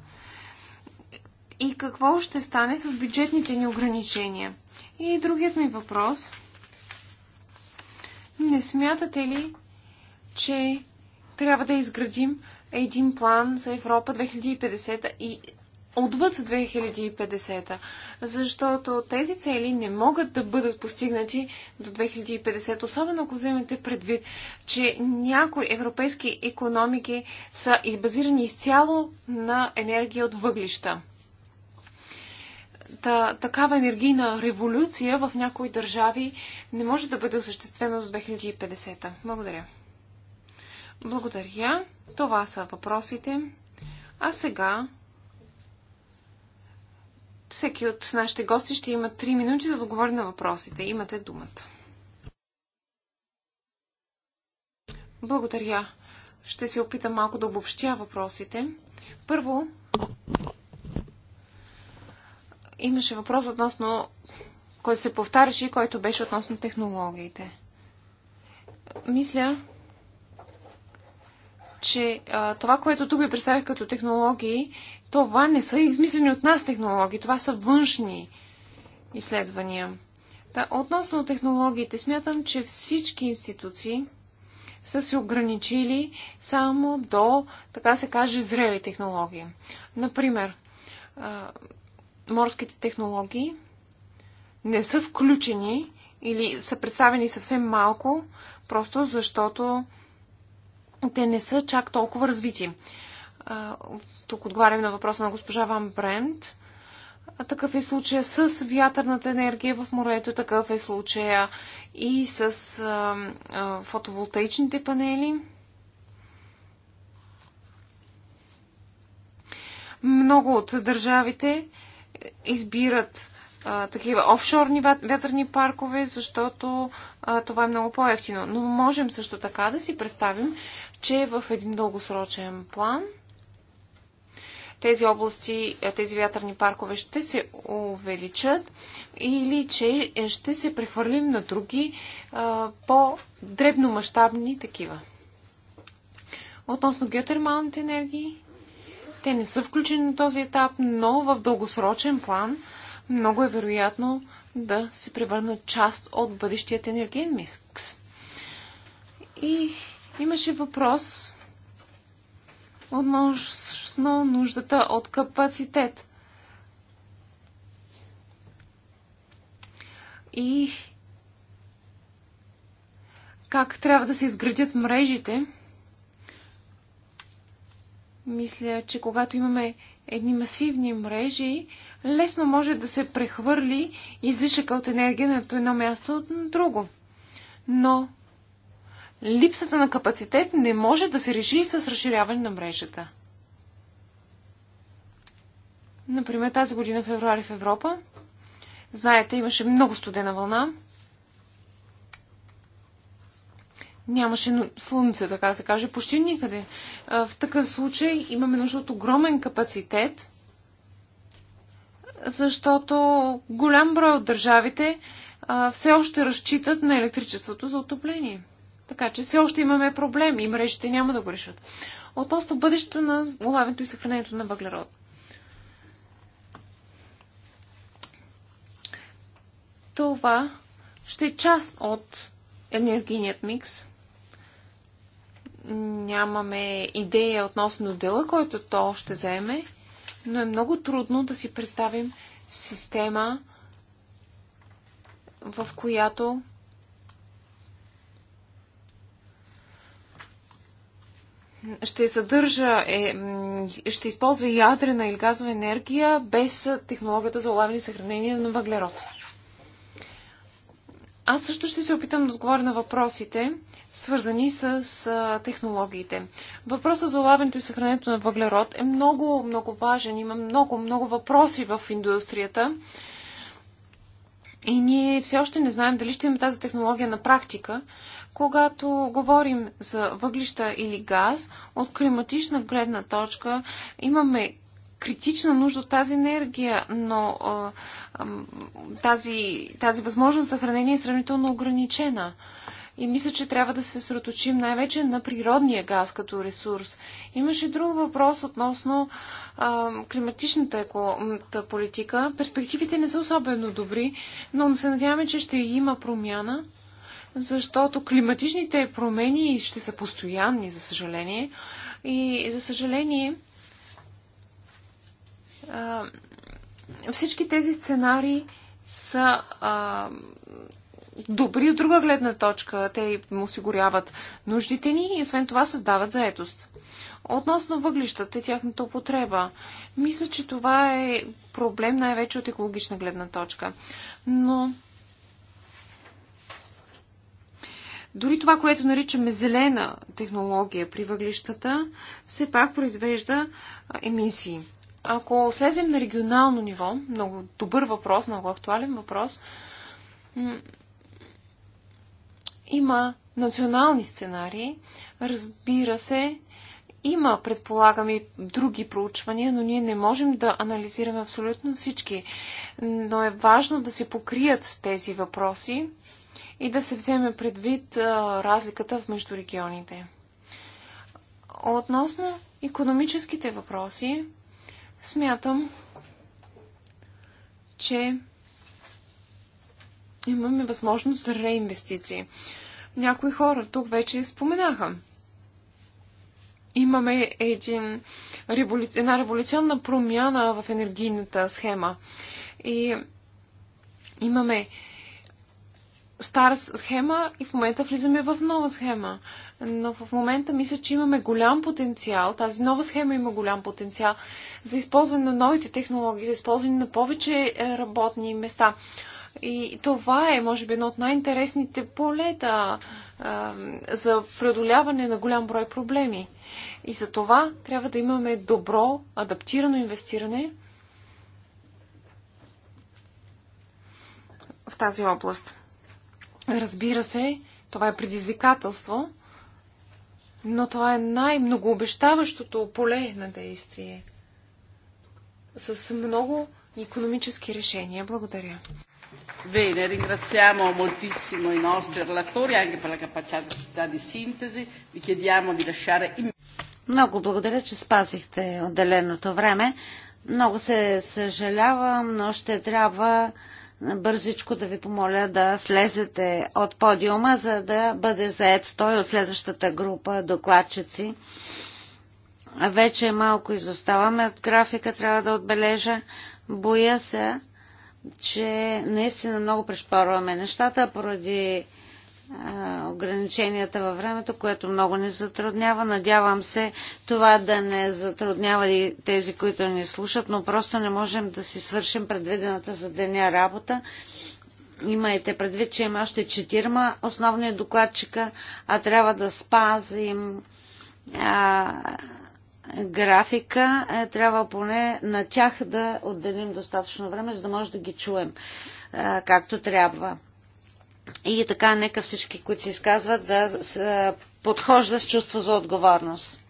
и какво ще стане с бюджетните ни ограничения. И другият ми въпрос. Не смятате ли, че трябва да изградим един план за Европа 2050 и отвъд 2050, защото тези цели не могат да бъдат постигнати до 2050, особено ако вземете предвид, че някои европейски економики са базирани изцяло на енергия от въглища. Та, такава енергийна революция в някои държави не може да бъде осъществена до 2050. Благодаря. Благодаря. Това са въпросите. А сега всеки от нашите гости ще има 3 минути за да отговори на въпросите. Имате думата. Благодаря. Ще се опитам малко да обобщя въпросите. Първо, имаше въпрос относно, който се повтаряше и който беше относно технологиите. Мисля, че а, това, което тук ви представих като технологии, това не са измислени от нас технологии, това са външни изследвания. Да, относно технологиите, смятам, че всички институции са се ограничили само до, така се каже, зрели технологии. Например, а, морските технологии не са включени или са представени съвсем малко, просто защото те не са чак толкова развити. Тук отговарям на въпроса на госпожа Ван Брент. Такъв е случая с вятърната енергия в морето, такъв е случая и с фотоволтаичните панели. Много от държавите е, избират такива офшорни вятърни паркове, защото а, това е много по-ефтино. Но можем също така да си представим, че в един дългосрочен план тези области, тези вятърни паркове ще се увеличат или че е, ще се прехвърлим на други по-дребномащабни такива. Относно геотермалните енергии, те не са включени на този етап, но в дългосрочен план – много е вероятно да се превърнат част от бъдещият енергиен микс. И имаше въпрос относно нуждата от капацитет. И как трябва да се изградят мрежите. Мисля, че когато имаме едни масивни мрежи, лесно може да се прехвърли излишъка от енергия на едно място от друго. Но липсата на капацитет не може да се реши с разширяване на мрежата. Например, тази година февруари в Европа, знаете, имаше много студена вълна. Нямаше слънце, така се каже, почти никъде. В такъв случай имаме нужда от огромен капацитет – защото голям брой от държавите а, все още разчитат на електричеството за отопление. Така че все още имаме проблеми и мрежите няма да го решат. Относно бъдещето на улавянето и съхранението на въглерод. Това ще е част от енергийният микс. Нямаме идея относно дела, който то ще заеме но е много трудно да си представим система, в която ще съдържа, е, ще използва ядрена или газова енергия без технологията за улавяне и съхранение на въглерод. Аз също ще се опитам да отговоря на въпросите, свързани с технологиите. Въпросът за улавянето и съхранението на въглерод е много, много важен. Има много, много въпроси в индустрията. И ние все още не знаем дали ще имаме тази технология на практика. Когато говорим за въглища или газ, от климатична гледна точка имаме критична нужда от тази енергия, но а, а, тази, тази възможност за хранение е сравнително ограничена. И мисля, че трябва да се сроточим най-вече на природния газ като ресурс. Имаше друг въпрос относно а, климатичната еко... политика. Перспективите не са особено добри, но се надяваме, че ще има промяна, защото климатичните промени ще са постоянни, за съжаление. И, за съжаление, а, всички тези сценарии са а, добри от друга гледна точка. Те им осигуряват нуждите ни и освен това създават заетост. Относно въглищата и тяхната употреба, мисля, че това е проблем най-вече от екологична гледна точка. Но дори това, което наричаме зелена технология при въглищата, все пак произвежда емисии. Ако слезем на регионално ниво, много добър въпрос, много актуален въпрос, има национални сценарии. Разбира се, има, предполагам, и други проучвания, но ние не можем да анализираме абсолютно всички. Но е важно да се покрият тези въпроси и да се вземе предвид разликата между регионите. Относно економическите въпроси, смятам, че имаме възможност за реинвестиции. Някои хора тук вече споменаха. Имаме един, една революционна промяна в енергийната схема. И имаме стара схема и в момента влизаме в нова схема. Но в момента мисля, че имаме голям потенциал. Тази нова схема има голям потенциал за използване на новите технологии, за използване на повече е, работни места. И това е, може би, едно от най-интересните полета а, за преодоляване на голям брой проблеми. И за това трябва да имаме добро, адаптирано инвестиране в тази област. Разбира се, това е предизвикателство, но това е най-многообещаващото поле на действие. С много и економически решения. Благодаря. Bene, ringraziamo moltissimo i nostri relatori anche per la capacità di sintesi. Vi chiediamo di lasciare... Много благодаря, че спазихте отделеното време. Много се съжалявам, но ще трябва бързичко да ви помоля да слезете от подиума, за да бъде заед той от следващата група докладчици. Вече малко изоставаме от графика, трябва да отбележа. Боя се, че наистина много пришпорваме нещата поради ограниченията във времето, което много ни затруднява. Надявам се това да не затруднява и тези, които ни слушат, но просто не можем да си свършим предвидената за деня работа. Имайте предвид, че има още четирма основни докладчика, а трябва да спазим а, графика, е, трябва поне на тях да отделим достатъчно време, за да може да ги чуем е, както трябва. И така, нека всички, които се изказват, да е, подхожда с чувство за отговорност.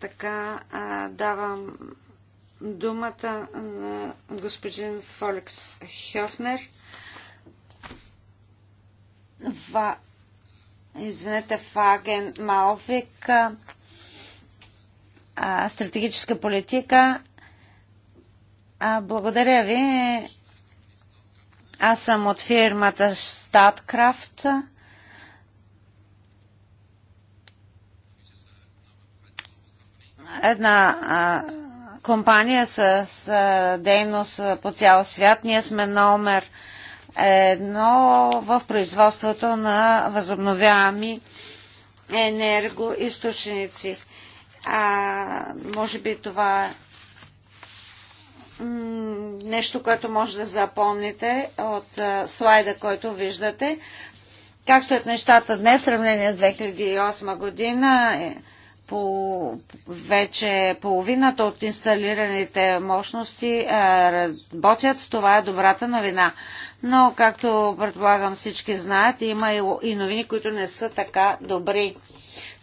Така, е, давам думата на господин Фоликс Хьофнер Ва... Извинете, Фаген Малвик. А, стратегическа политика. А, благодаря ви. Аз съм от фирмата Statcraft. Една а, компания с, с дейност по цял свят. Ние сме номер едно в производството на възобновяеми енергоисточници. А, може би това е нещо, което може да запомните от слайда, който виждате. Как стоят нещата днес в сравнение с 2008 година? Е, по вече половината от инсталираните мощности работят. Това е добрата новина но както предполагам всички знаят, има и новини, които не са така добри.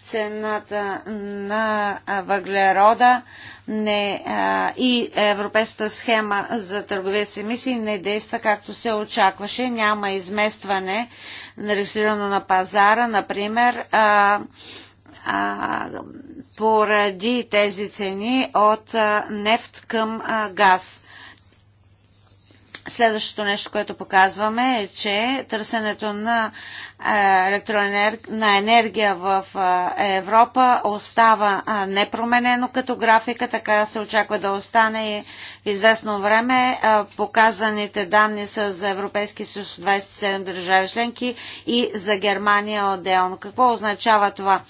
Цената на въглерода не, а, и европейската схема за търговия с емисии не действа както се очакваше. Няма изместване, нарисирано на пазара, например. А, а, поради тези цени от а, нефт към а, газ. Следващото нещо, което показваме е, че търсенето на, е, електроенер... на енергия в е, Европа остава е, непроменено като графика, така се очаква да остане и в известно време. Показаните данни са за Европейски съюз 27 държави членки и за Германия отделно. Какво означава това?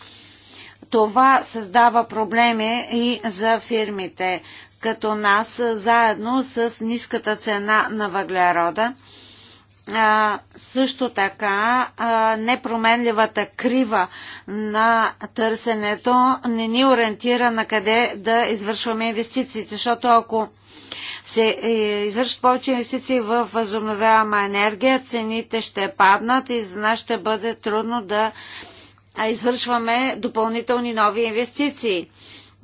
Това създава проблеми и за фирмите като нас, заедно с ниската цена на въглерода. А, също така а, непроменливата крива на търсенето не ни ориентира на къде да извършваме инвестициите, защото ако се е, извършат повече инвестиции в възобновяема енергия, цените ще паднат и за нас ще бъде трудно да извършваме допълнителни нови инвестиции.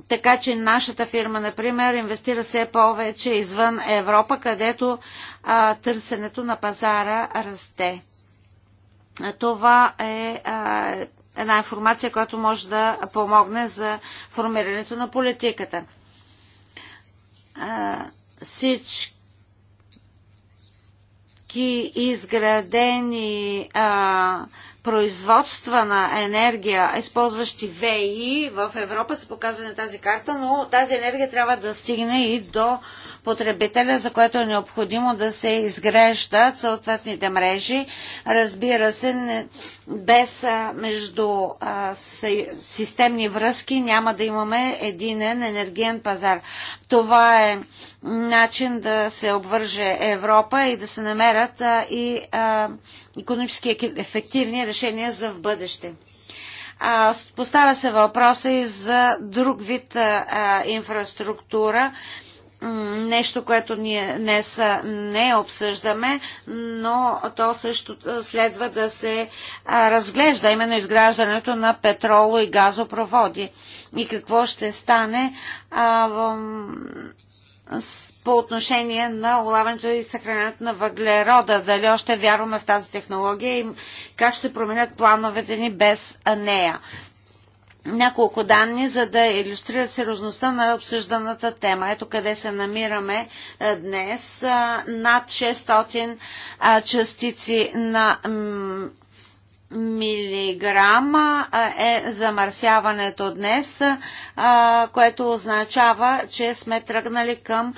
Така че нашата фирма, например, инвестира все повече извън Европа, където а, търсенето на пазара расте. Това е а, една информация, която може да помогне за формирането на политиката. А, всички изградени а, производства на енергия, използващи ВЕИ в Европа, са показани на тази карта, но тази енергия трябва да стигне и до потребителя, за което е необходимо да се изгреждат съответните мрежи. Разбира се, без между системни връзки няма да имаме единен енергиен пазар. Това е начин да се обвърже Европа и да се намерят и економически ефективни решения за в бъдеще. А, поставя се въпроса и за друг вид а, инфраструктура, нещо, което ние днес не обсъждаме, но то също следва да се разглежда, именно изграждането на петроло и газопроводи. И какво ще стане а, по отношение на улавянето и съхранението на въглерода. Дали още вярваме в тази технология и как ще се променят плановете ни без нея. Няколко данни, за да иллюстрират сериозността на обсъжданата тема. Ето къде се намираме е, днес. Е, над 600 е, частици на милиграма е замърсяването днес, което означава, че сме тръгнали към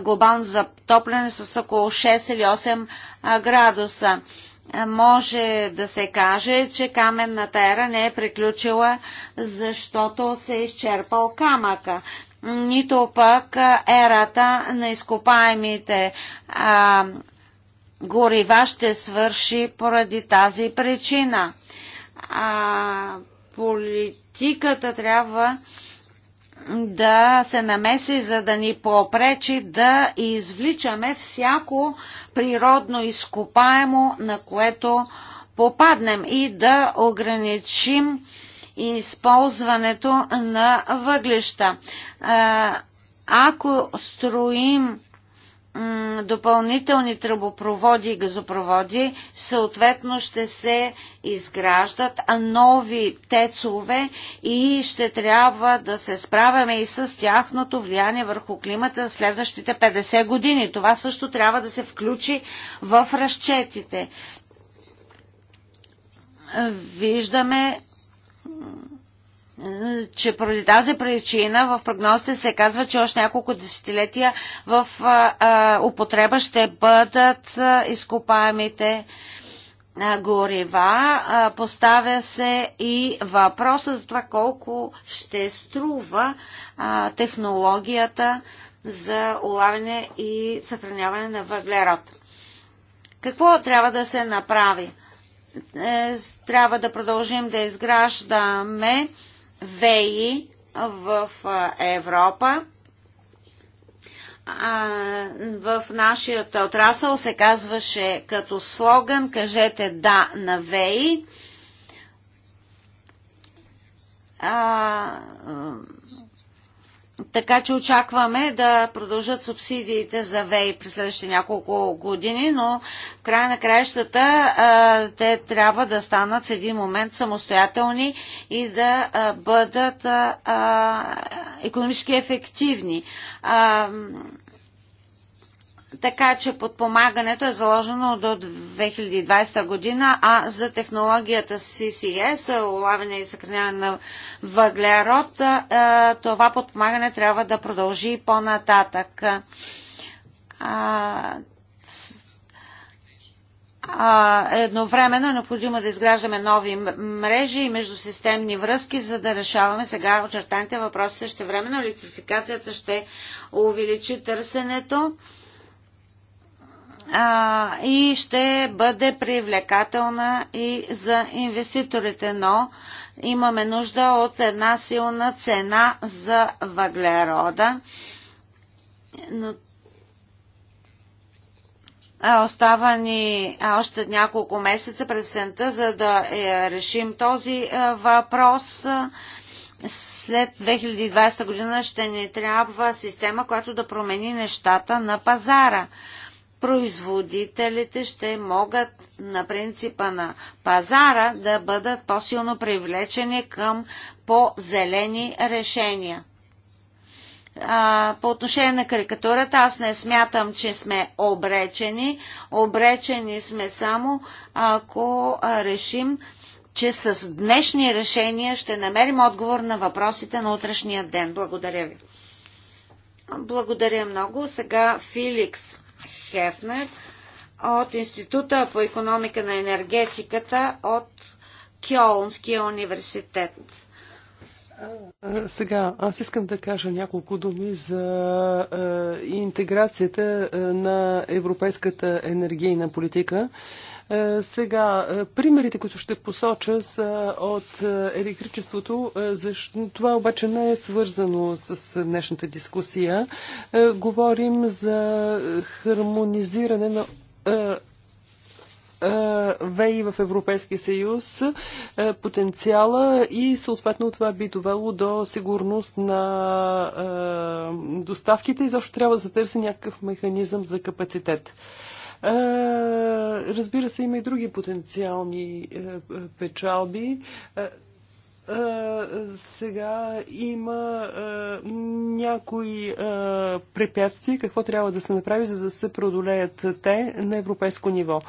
глобално затопляне с около 6 или 8 градуса. Може да се каже, че каменната ера не е приключила, защото се е изчерпал камъка. Нито пък ерата на изкопаемите горива ще свърши поради тази причина. А политиката трябва да се намеси, за да ни попречи да извличаме всяко природно изкопаемо, на което попаднем и да ограничим използването на въглища. Ако строим допълнителни тръбопроводи и газопроводи, съответно ще се изграждат нови тецове и ще трябва да се справяме и с тяхното влияние върху климата за следващите 50 години. Това също трябва да се включи в разчетите. Виждаме че поради тази причина в прогнозите се казва, че още няколко десетилетия в употреба ще бъдат изкопаемите горива. Поставя се и въпроса за това колко ще струва технологията за улавяне и съхраняване на въглерод. Какво трябва да се направи? Е, трябва да продължим да изграждаме ВЕИ в Европа. в нашия отрасъл се казваше като слоган Кажете да на ВЕИ. А, така че очакваме да продължат субсидиите за ВЕИ през следващите няколко години, но в края на краищата те трябва да станат в един момент самостоятелни и да бъдат економически ефективни така че подпомагането е заложено до 2020 година, а за технологията CCS, улавяне и съхраняване на въглерод, е, това подпомагане трябва да продължи по-нататък. едновременно е необходимо да изграждаме нови мрежи и междусистемни връзки, за да решаваме сега очертаните въпроси. Също времено електрификацията ще увеличи търсенето а, и ще бъде привлекателна и за инвеститорите, но имаме нужда от една силна цена за въглерода. Но Остава ни още няколко месеца през сента, за да е, решим този въпрос. След 2020 година ще ни трябва система, която да промени нещата на пазара производителите ще могат на принципа на пазара да бъдат по-силно привлечени към по-зелени решения. А, по отношение на карикатурата, аз не смятам, че сме обречени. Обречени сме само ако решим, че с днешни решения ще намерим отговор на въпросите на утрешния ден. Благодаря ви. Благодаря много. Сега Филикс. Хефнер от Института по економика на енергетиката от Кьолнския университет. Сега, аз искам да кажа няколко думи за е, интеграцията на европейската енергийна политика. Е, сега, е, примерите, които ще посоча, са от е, електричеството. Това обаче не е свързано с днешната дискусия. Говорим за хармонизиране на ВЕИ в Европейския съюз потенциала и съответно това би довело до сигурност на доставките и защо трябва да се търси някакъв механизъм за капацитет. Разбира се, има и други потенциални е, е, печалби. Сега има някои препятствия, какво трябва да се направи, за да се преодолеят те на европейско ниво.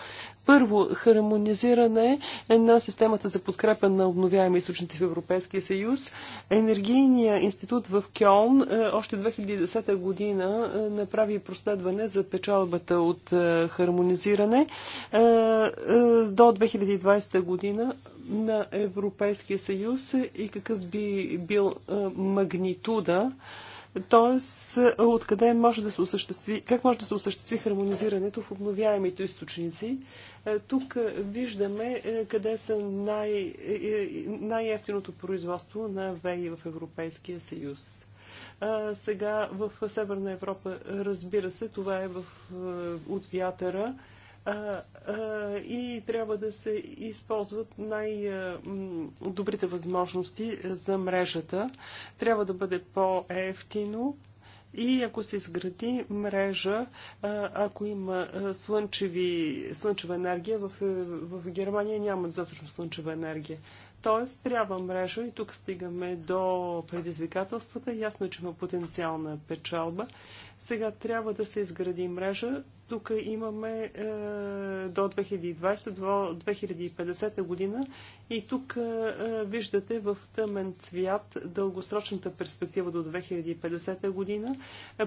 Първо, хармонизиране на системата за подкрепа на обновяеми източници в Европейския съюз. Енергийния институт в Кьон е, още 2010 година е, направи проследване за печалбата от е, хармонизиране до 2020 година на Европейския съюз и какъв би бил магнитуда т.е. откъде може да се осъществи, как може да се осъществи хармонизирането в обновяемите източници. Е, тук виждаме е, къде са най- е, най-ефтиното производство на ВЕИ в Европейския съюз. А, сега в Северна Европа, разбира се, това е в, от вятъра а, а, и трябва да се използват най-добрите възможности за мрежата. Трябва да бъде по-ефтино, и ако се изгради мрежа, ако има слънчеви, слънчева енергия, в, е, в Германия няма достатъчно слънчева енергия. Тоест, трябва мрежа и тук стигаме до предизвикателствата. Ясно, е, че има потенциална печалба. Сега трябва да се изгради мрежа, тук имаме е, до 2020, до 2050 година и тук е, е, виждате в тъмен цвят дългосрочната перспектива до 2050 година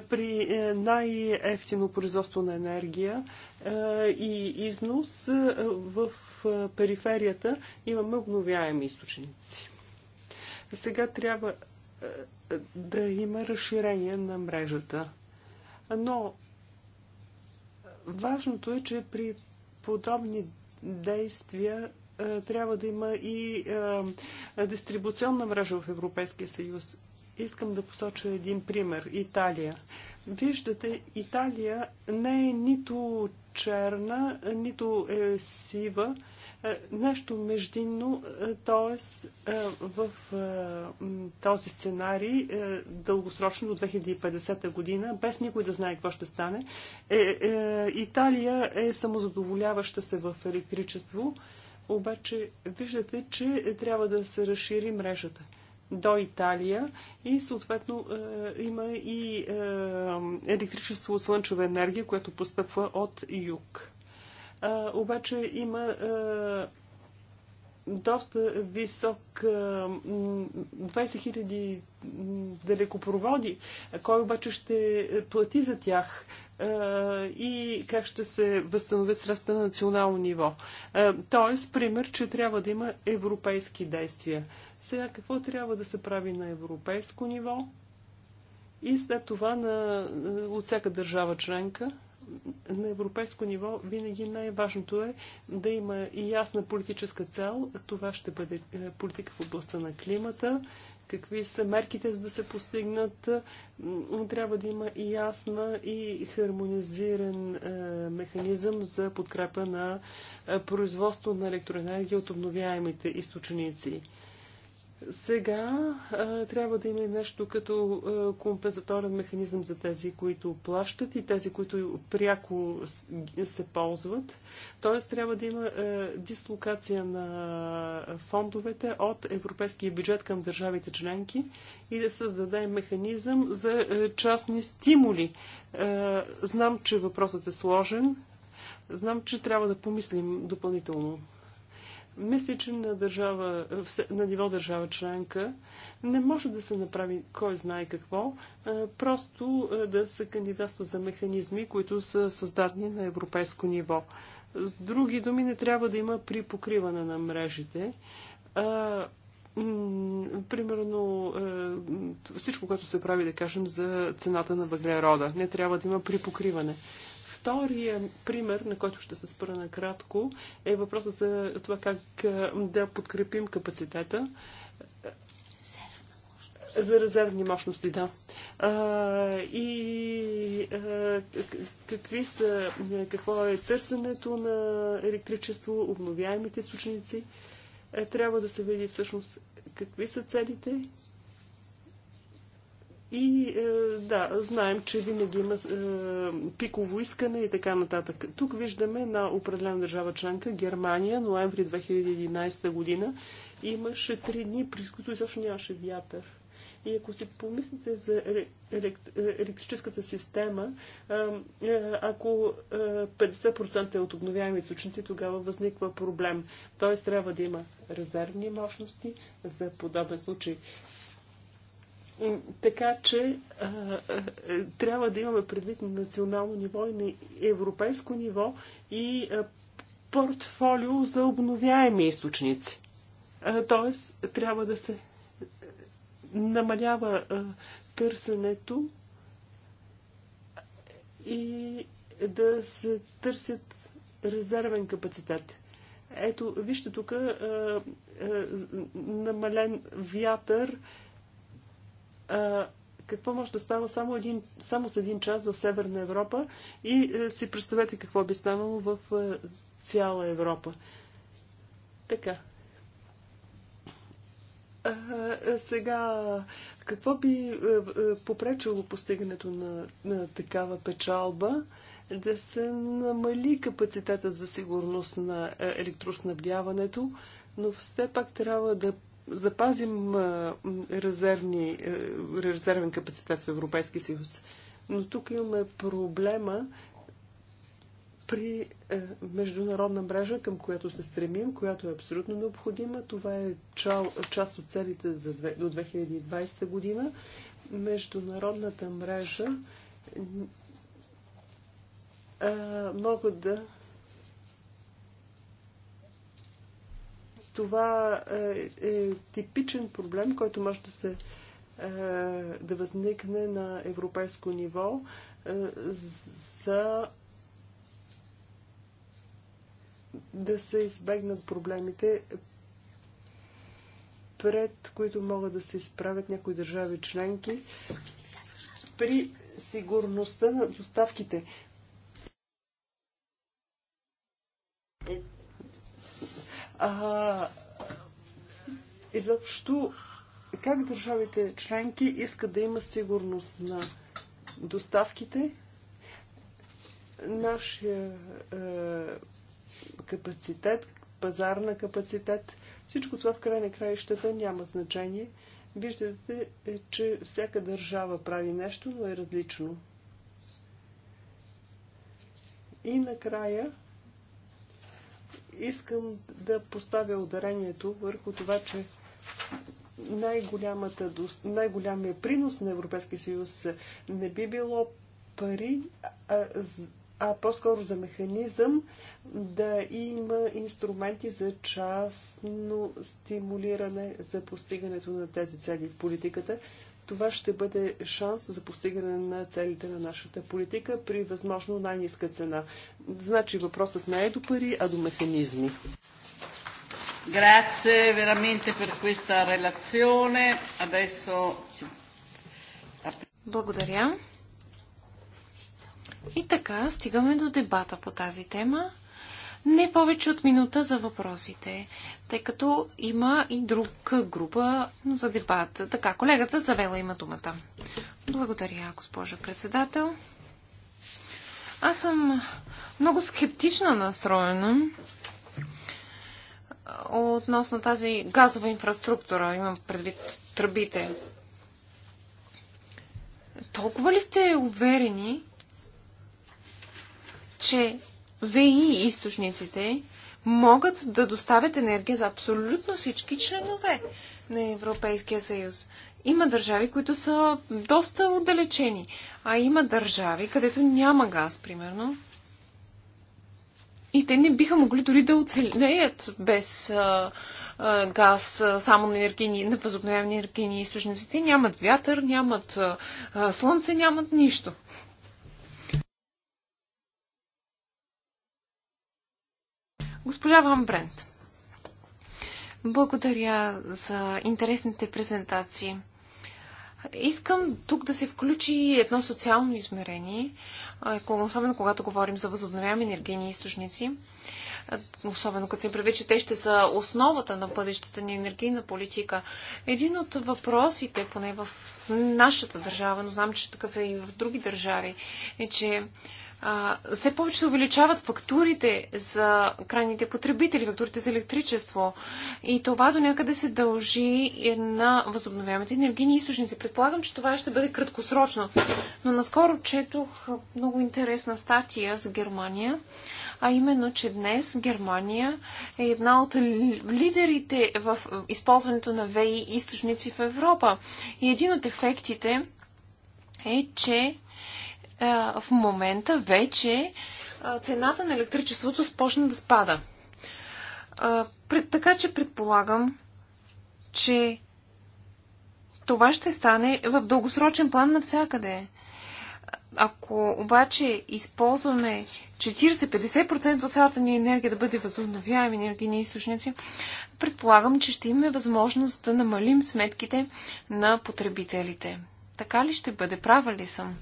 при е, най-ефтино производство на енергия е, и износ е, в е, периферията имаме обновяеми източници. Сега трябва е, е да има разширение на мрежата. Но Важното е, че при подобни действия е, трябва да има и е, дистрибуционна мрежа в Европейския съюз. Искам да посоча един пример. Италия. Виждате, Италия не е нито черна, нито е сива. Е, нещо междинно, т.е. Е, в е, този сценарий дългосрочно до 2050 година, без никой да знае какво ще стане. Италия е самозадоволяваща се в електричество, обаче виждате, че трябва да се разшири мрежата до Италия и съответно има и електричество от слънчева енергия, което постъпва от юг обаче има доста висок 20 000 далекопроводи. Кой обаче ще плати за тях? и как ще се възстанови средства на национално ниво. Тоест, пример, че трябва да има европейски действия. Сега какво трябва да се прави на европейско ниво и след това на, от всяка държава членка? на европейско ниво винаги най-важното е да има и ясна политическа цел. Това ще бъде е, политика в областта на климата. Какви са мерките за да се постигнат? Трябва да има и ясна и хармонизиран е, механизъм за подкрепа на е, производство на електроенергия от обновяемите източници. Сега а, трябва да има нещо като а, компенсаторен механизъм за тези, които плащат и тези, които пряко се ползват. Тоест трябва да има а, дислокация на фондовете от европейския бюджет към държавите членки и да създаде механизъм за а, частни стимули. А, знам, че въпросът е сложен. Знам, че трябва да помислим допълнително. Мисля, че на, държава, на ниво държава членка не може да се направи кой знае какво, просто да се кандидатства за механизми, които са създадени на европейско ниво. С други думи, не трябва да има при покриване на мрежите. Примерно всичко, което се прави, да кажем, за цената на въглерода. Не трябва да има припокриване. покриване. Втория пример, на който ще се спра накратко, е въпросът за това как да подкрепим капацитета. За резервни мощности, да. А, и а, какви са, какво е търсенето на електричество, обновяемите източници. Е, трябва да се види всъщност какви са целите и е, да, знаем, че винаги има е, пиково искане и така нататък. Тук виждаме на определена държава членка, Германия, ноември 2011 година, имаше три дни, през които изобщо нямаше вятър. И ако си помислите за е, електрическата система, е, е, ако 50% е от обновяеми източници, тогава възниква проблем. Т.е. трябва да има резервни мощности за подобен случай. Така че а, а, трябва да имаме предвид на национално ниво и на европейско ниво и а, портфолио за обновяеми източници. Тоест, трябва да се намалява търсенето и да се търсят резервен капацитет. Ето, вижте тук намален вятър какво може да става само, един, само с един час в Северна Европа и а, е, си представете какво би станало в а, е, цяла Европа. Така. А, сега, какво би а, е, попречило постигането на, на такава печалба? Да се намали капацитета за сигурност на електроснабдяването, но все пак трябва да запазим резервни, резервен капацитет в Европейския съюз. Но тук имаме проблема при международна мрежа, към която се стремим, която е абсолютно необходима. Това е част от целите за, до 2020 година. Международната мрежа могат да Това е, е типичен проблем, който може да се е, да възникне на европейско ниво е, за да се избегнат проблемите, пред които могат да се изправят някои държави членки при сигурността на доставките. а, изобщо как държавите членки искат да има сигурност на доставките. Нашия е, капацитет, пазарна капацитет, всичко това в край на краищата няма значение. Виждате, е, че всяка държава прави нещо, но е различно. И накрая Искам да поставя ударението върху това, че най-голямата, най-голямия принос на Европейския съюз не би било пари, а, а по-скоро за механизъм да има инструменти за частно стимулиране за постигането на тези цели в политиката, това ще бъде шанс за постигане на целите на нашата политика при възможно най-низка цена. Значи въпросът не е до пари, а до механизми. Grazie veramente per questa relazione. Adesso... Благодаря. И така, стигаме до дебата по тази тема. Не повече от минута за въпросите, тъй като има и друг група за дебат. Така, колегата Завела има думата. Благодаря, госпожо председател. Аз съм много скептична настроена относно тази газова инфраструктура. Имам предвид тръбите. Толкова ли сте уверени, че ВИ източниците могат да доставят енергия за абсолютно всички членове на Европейския съюз. Има държави, които са доста отдалечени, а има държави, където няма газ, примерно. И те не биха могли дори да оцелеят без а, а, газ, а, само на, енергийни, на възобновяеми енергийни източници. Те нямат вятър, нямат а, слънце, нямат нищо. Госпожа Ван Брент. Благодаря за интересните презентации. Искам тук да се включи едно социално измерение, особено когато говорим за възобновяеми енергийни източници, особено като се прави, че те ще са основата на бъдещата ни енергийна политика. Един от въпросите, поне в нашата държава, но знам, че такъв е и в други държави, е, че все повече се увеличават фактурите за крайните потребители, фактурите за електричество. И това до някъде се дължи на възобновяемите енергийни източници. Предполагам, че това ще бъде краткосрочно. Но наскоро четох много интересна статия за Германия, а именно, че днес Германия е една от лидерите в използването на ВИ източници в Европа. И един от ефектите е, че е, в момента вече е, цената на електричеството спочна да спада. Е, така че предполагам, че това ще стане в дългосрочен план навсякъде. Ако обаче използваме 40-50% от цялата ни енергия да бъде възобновяеми енергийни източници, предполагам, че ще имаме възможност да намалим сметките на потребителите. Така ли ще бъде? Права ли съм?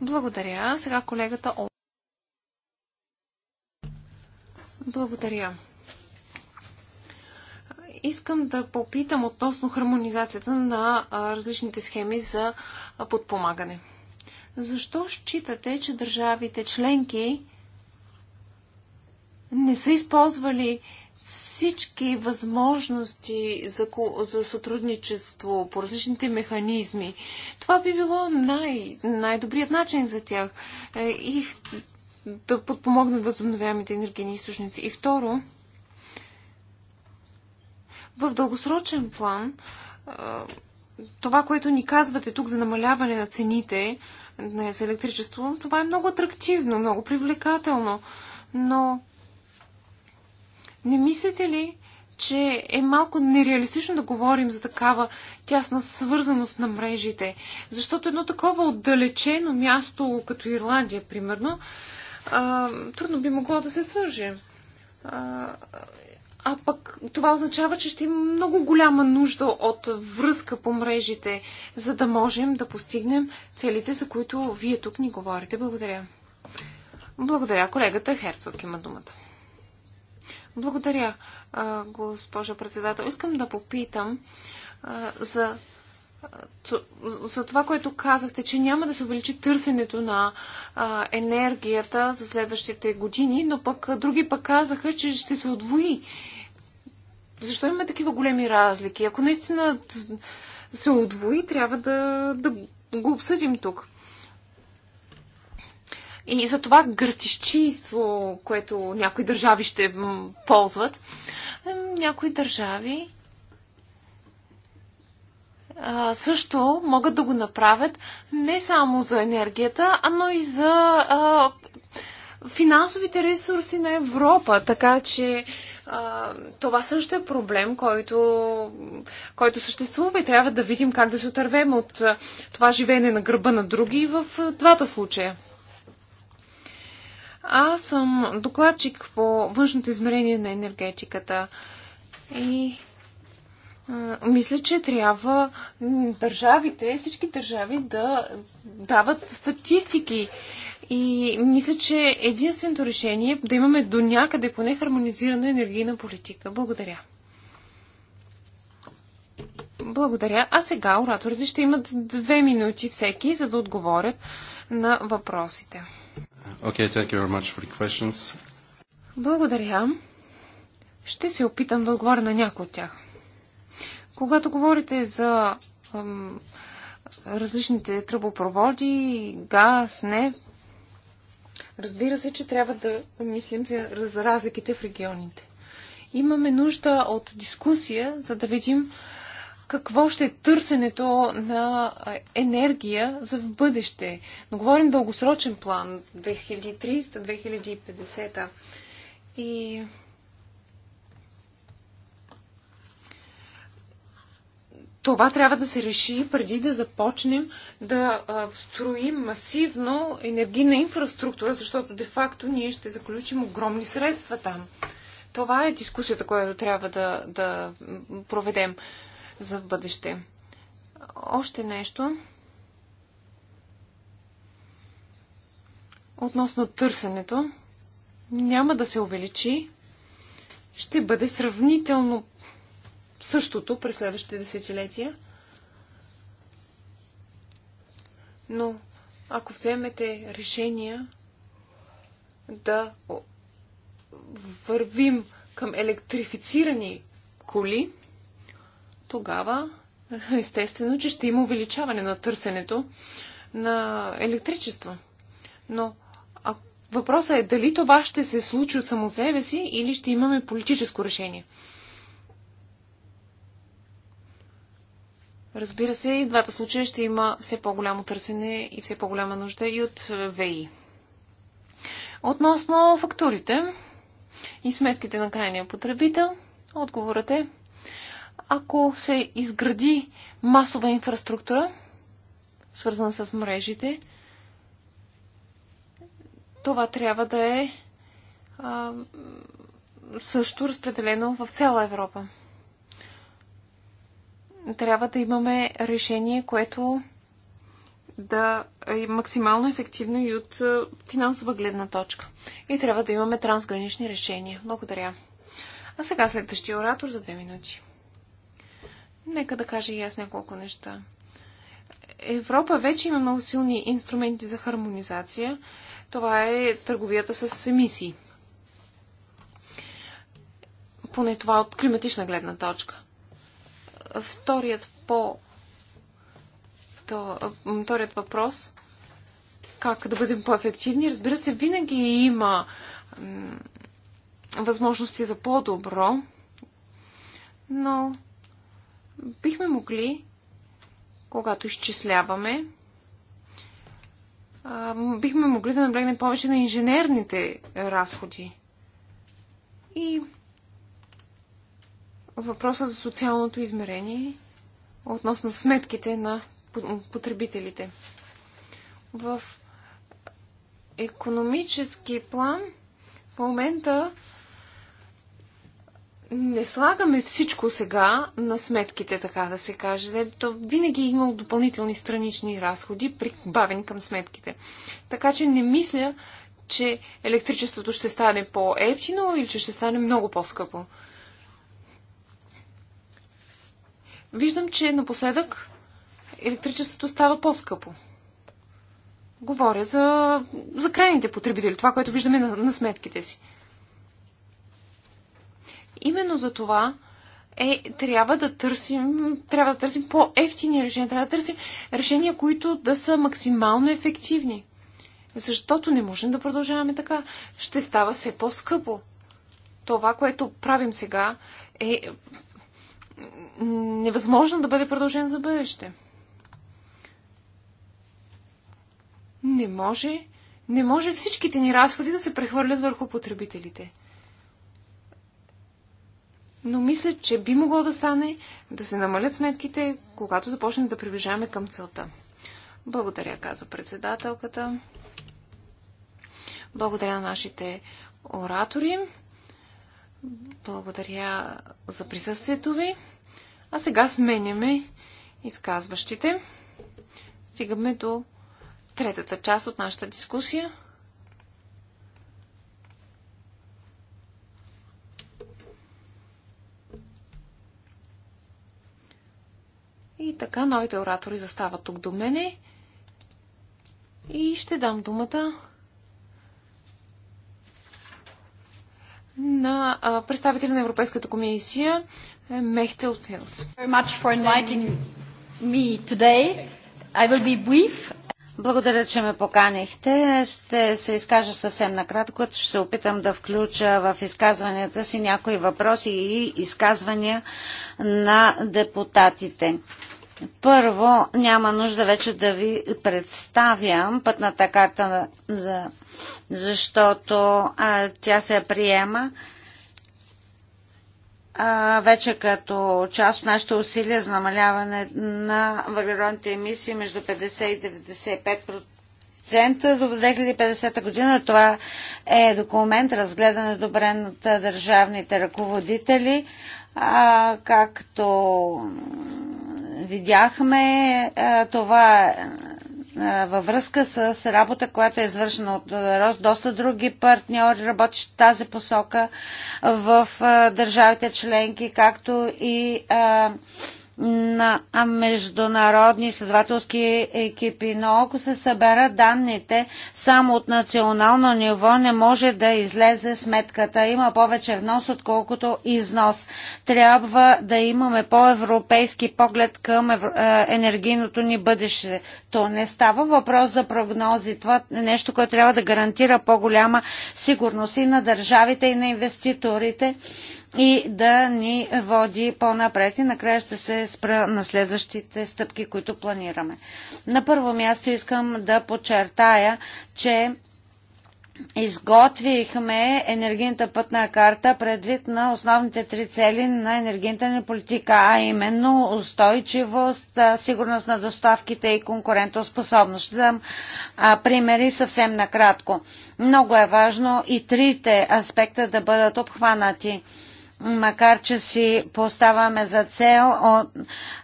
Благодаря. Сега колегата О. Благодаря. Искам да попитам относно хармонизацията на различните схеми за подпомагане. Защо считате, че държавите членки не са използвали всички възможности за, за сътрудничество по различните механизми. Това би било най- най-добрият начин за тях е, и в, да подпомогнат възобновяемите енергийни източници. И второ, в дългосрочен план, това, което ни казвате тук за намаляване на цените за електричество, това е много атрактивно, много привлекателно, но не мислите ли, че е малко нереалистично да говорим за такава тясна свързаност на мрежите? Защото едно такова отдалечено място, като Ирландия, примерно, трудно би могло да се свърже. А пък това означава, че ще има много голяма нужда от връзка по мрежите, за да можем да постигнем целите, за които вие тук ни говорите. Благодаря. Благодаря. Колегата Херцог има думата. Благодаря, госпожо председател. Искам да попитам за за това, което казахте, че няма да се увеличи търсенето на енергията за следващите години, но пък други пък казаха, че ще се отвои. Защо има такива големи разлики? Ако наистина се отвои, трябва да, да го обсъдим тук. И за това гъртищийство, което някои държави ще ползват, някои държави също могат да го направят не само за енергията, а но и за а, финансовите ресурси на Европа. Така че а, това също е проблем, който, който съществува и трябва да видим как да се отървем от това живеене на гърба на други в двата случая. Аз съм докладчик по външното измерение на енергетиката и мисля, че трябва държавите, всички държави да дават статистики. И мисля, че единственото решение е да имаме до някъде поне хармонизирана енергийна политика. Благодаря. Благодаря. А сега ораторите ще имат две минути всеки, за да отговорят на въпросите. Okay, thank you very much for the questions. Благодаря. Ще се опитам да отговоря на някои от тях. Когато говорите за ам, различните тръбопроводи, газ, не, разбира се, че трябва да мислим за разликите в регионите. Имаме нужда от дискусия, за да видим какво ще е търсенето на енергия за в бъдеще. Но говорим дългосрочен план 2300-2050. И това трябва да се реши преди да започнем да строим масивно енергийна инфраструктура, защото де-факто ние ще заключим огромни средства там. Това е дискусията, която трябва да, да проведем за в бъдеще. Още нещо. Относно търсенето, няма да се увеличи. Ще бъде сравнително същото през следващите десетилетия. Но ако вземете решения да вървим към електрифицирани коли, тогава естествено, че ще има увеличаване на търсенето на електричество. Но а въпросът е дали това ще се случи от само себе си или ще имаме политическо решение. Разбира се, и в двата случая ще има все по-голямо търсене и все по-голяма нужда и от е, ВИ. Относно фактурите и сметките на крайния потребител, отговорът е – ако се изгради масова инфраструктура, свързана с мрежите, това трябва да е а, също разпределено в цяла Европа. Трябва да имаме решение, което да е максимално ефективно и от финансова гледна точка. И трябва да имаме трансгранични решения. Благодаря. А сега следващия оратор за две минути. Нека да кажа и аз няколко неща. Европа вече има много силни инструменти за хармонизация. Това е търговията с емисии. Поне това от климатична гледна точка. Вторият по... То, вторият въпрос как да бъдем по-ефективни. Разбира се, винаги има възможности за по-добро, но бихме могли, когато изчисляваме, бихме могли да наблегнем повече на инженерните разходи. И въпроса за социалното измерение относно сметките на потребителите. В економически план в момента не слагаме всичко сега на сметките, така да се каже. Е, то винаги е имало допълнителни странични разходи, прибавени към сметките. Така че не мисля, че електричеството ще стане по-ефтино или че ще стане много по-скъпо. Виждам, че напоследък електричеството става по-скъпо. Говоря за, за крайните потребители, това, което виждаме на, на сметките си. Именно за това е, трябва да търсим, трябва да търсим по-ефтини решения, трябва да търсим решения, които да са максимално ефективни. Защото не можем да продължаваме така. Ще става все по-скъпо. Това, което правим сега, е невъзможно да бъде продължен за бъдеще. Не може, не може всичките ни разходи да се прехвърлят върху потребителите но мисля, че би могло да стане да се намалят сметките, когато започнем да приближаваме към целта. Благодаря, казва председателката. Благодаря на нашите оратори. Благодаря за присъствието ви. А сега сменяме изказващите. Стигаме до третата част от нашата дискусия. И така, новите оратори застават тук до мене. И ще дам думата на представителя на Европейската комисия е, Мехтел Филс. Благодаря, че ме поканихте. Ще се изкажа съвсем накратко, като ще се опитам да включа в изказванията си някои въпроси и изказвания на депутатите. Първо, няма нужда вече да ви представям пътната карта, за, защото а, тя се приема а, вече като част от нашите усилия за намаляване на въглеродните емисии между 50 и 95% процента до 2050 година. Това е документ, разгледан и е добрен от държавните ръководители, а, както видяхме, това във връзка с работа, която е извършена от РОС, доста други партньори работят в тази посока в държавите членки, както и на международни изследователски екипи, но ако се съберат данните само от национално ниво, не може да излезе сметката. Има повече внос, отколкото износ. Трябва да имаме по-европейски поглед към е, енергийното ни бъдеще. То не става въпрос за прогнози. Това е нещо, което трябва да гарантира по-голяма сигурност и на държавите, и на инвеститорите и да ни води по-напред. И накрая ще се спра на следващите стъпки, които планираме. На първо място искам да подчертая, че изготвихме енергийната пътна карта предвид на основните три цели на енергийната ни политика, а именно устойчивост, сигурност на доставките и конкурентоспособност. Ще дам а, примери съвсем накратко. Много е важно и трите аспекта да бъдат обхванати макар че си поставяме за цел от,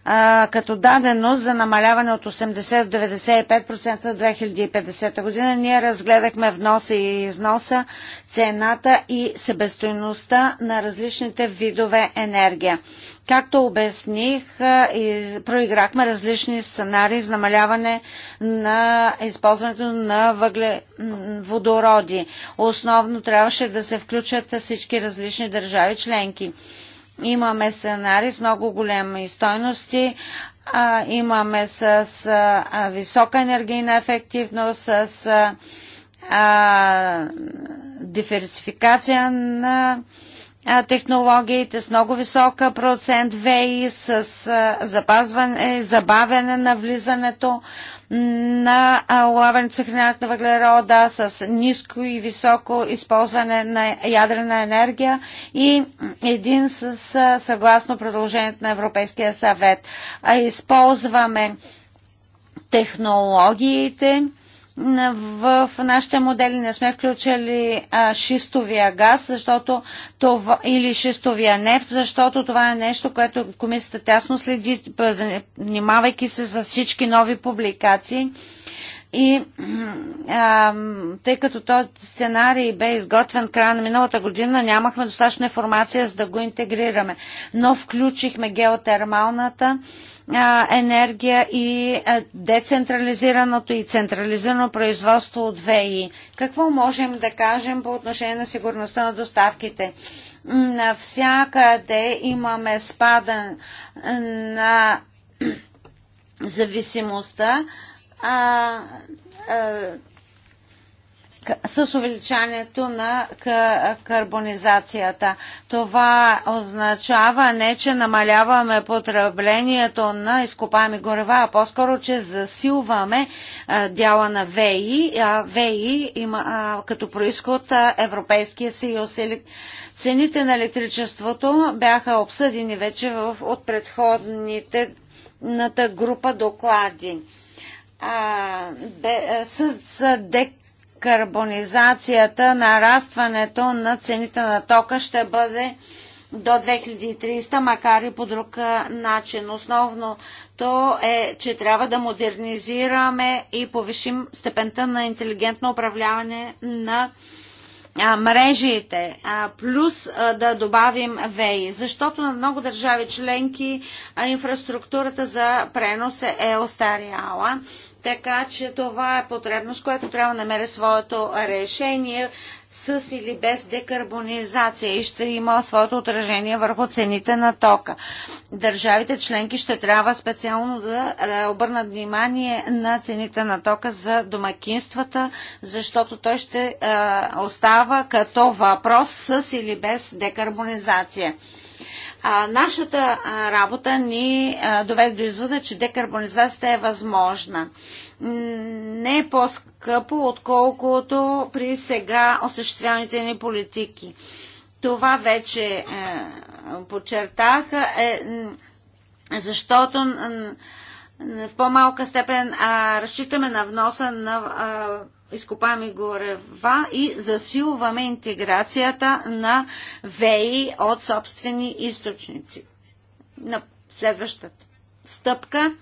а, като даденост за намаляване от 80 до 95% до 2050 година. Ние разгледахме вноса и износа, цената и себестойността на различните видове енергия. Както обясних, проиграхме различни сценарии за намаляване на използването на въгле... водороди. Основно трябваше да се включат всички различни държави членки. Имаме сценарий с много големи стойности, а, имаме с висока енергийна ефективност, с диверсификация на а, технологиите с много висока процент ВЕИ, с запазване, забавяне на влизането на улавянето съхраняването на въглерода, с ниско и високо използване на ядрена енергия и един с съгласно продължението на Европейския съвет. Използваме технологиите, в нашите модели не сме включили а, шистовия газ защото това, или шистовия нефт, защото това е нещо, което комисията тясно следи, занимавайки се с всички нови публикации. И а, тъй като този сценарий бе изготвен края на миналата година, нямахме достатъчно информация за да го интегрираме. Но включихме геотермалната енергия и децентрализираното и централизирано производство от ВИ. Какво можем да кажем по отношение на сигурността на доставките? Навсякъде имаме спада на зависимостта. А, а, с увеличаването на карбонизацията. Това означава не, че намаляваме потреблението на изкопаеми горева, а по-скоро, че засилваме дяла на ВЕИ. ВЕИ има като происход Европейския съюз. Цените на електричеството бяха обсъдени вече от предходните група доклади а, бе, с, с карбонизацията, нарастването на цените на тока ще бъде до 2300, макар и по друг начин. Основното е, че трябва да модернизираме и повишим степента на интелигентно управляване на мрежите, плюс да добавим ВЕИ, защото на много държави членки инфраструктурата за пренос е, е остаряла така че това е потребност, която трябва да намери своето решение с или без декарбонизация и ще има своето отражение върху цените на тока. Държавите членки ще трябва специално да обърнат внимание на цените на тока за домакинствата, защото той ще остава като въпрос с или без декарбонизация. А, нашата а, работа ни а, доведе до извода, че декарбонизацията е възможна. Не е по-скъпо, отколкото при сега осъществяваните ни политики. Това вече подчертах, е, е защото в по-малка степен а, разчитаме на вноса на а, изкопаеми горева и засилваме интеграцията на ВЕИ от собствени източници. На следващата стъпка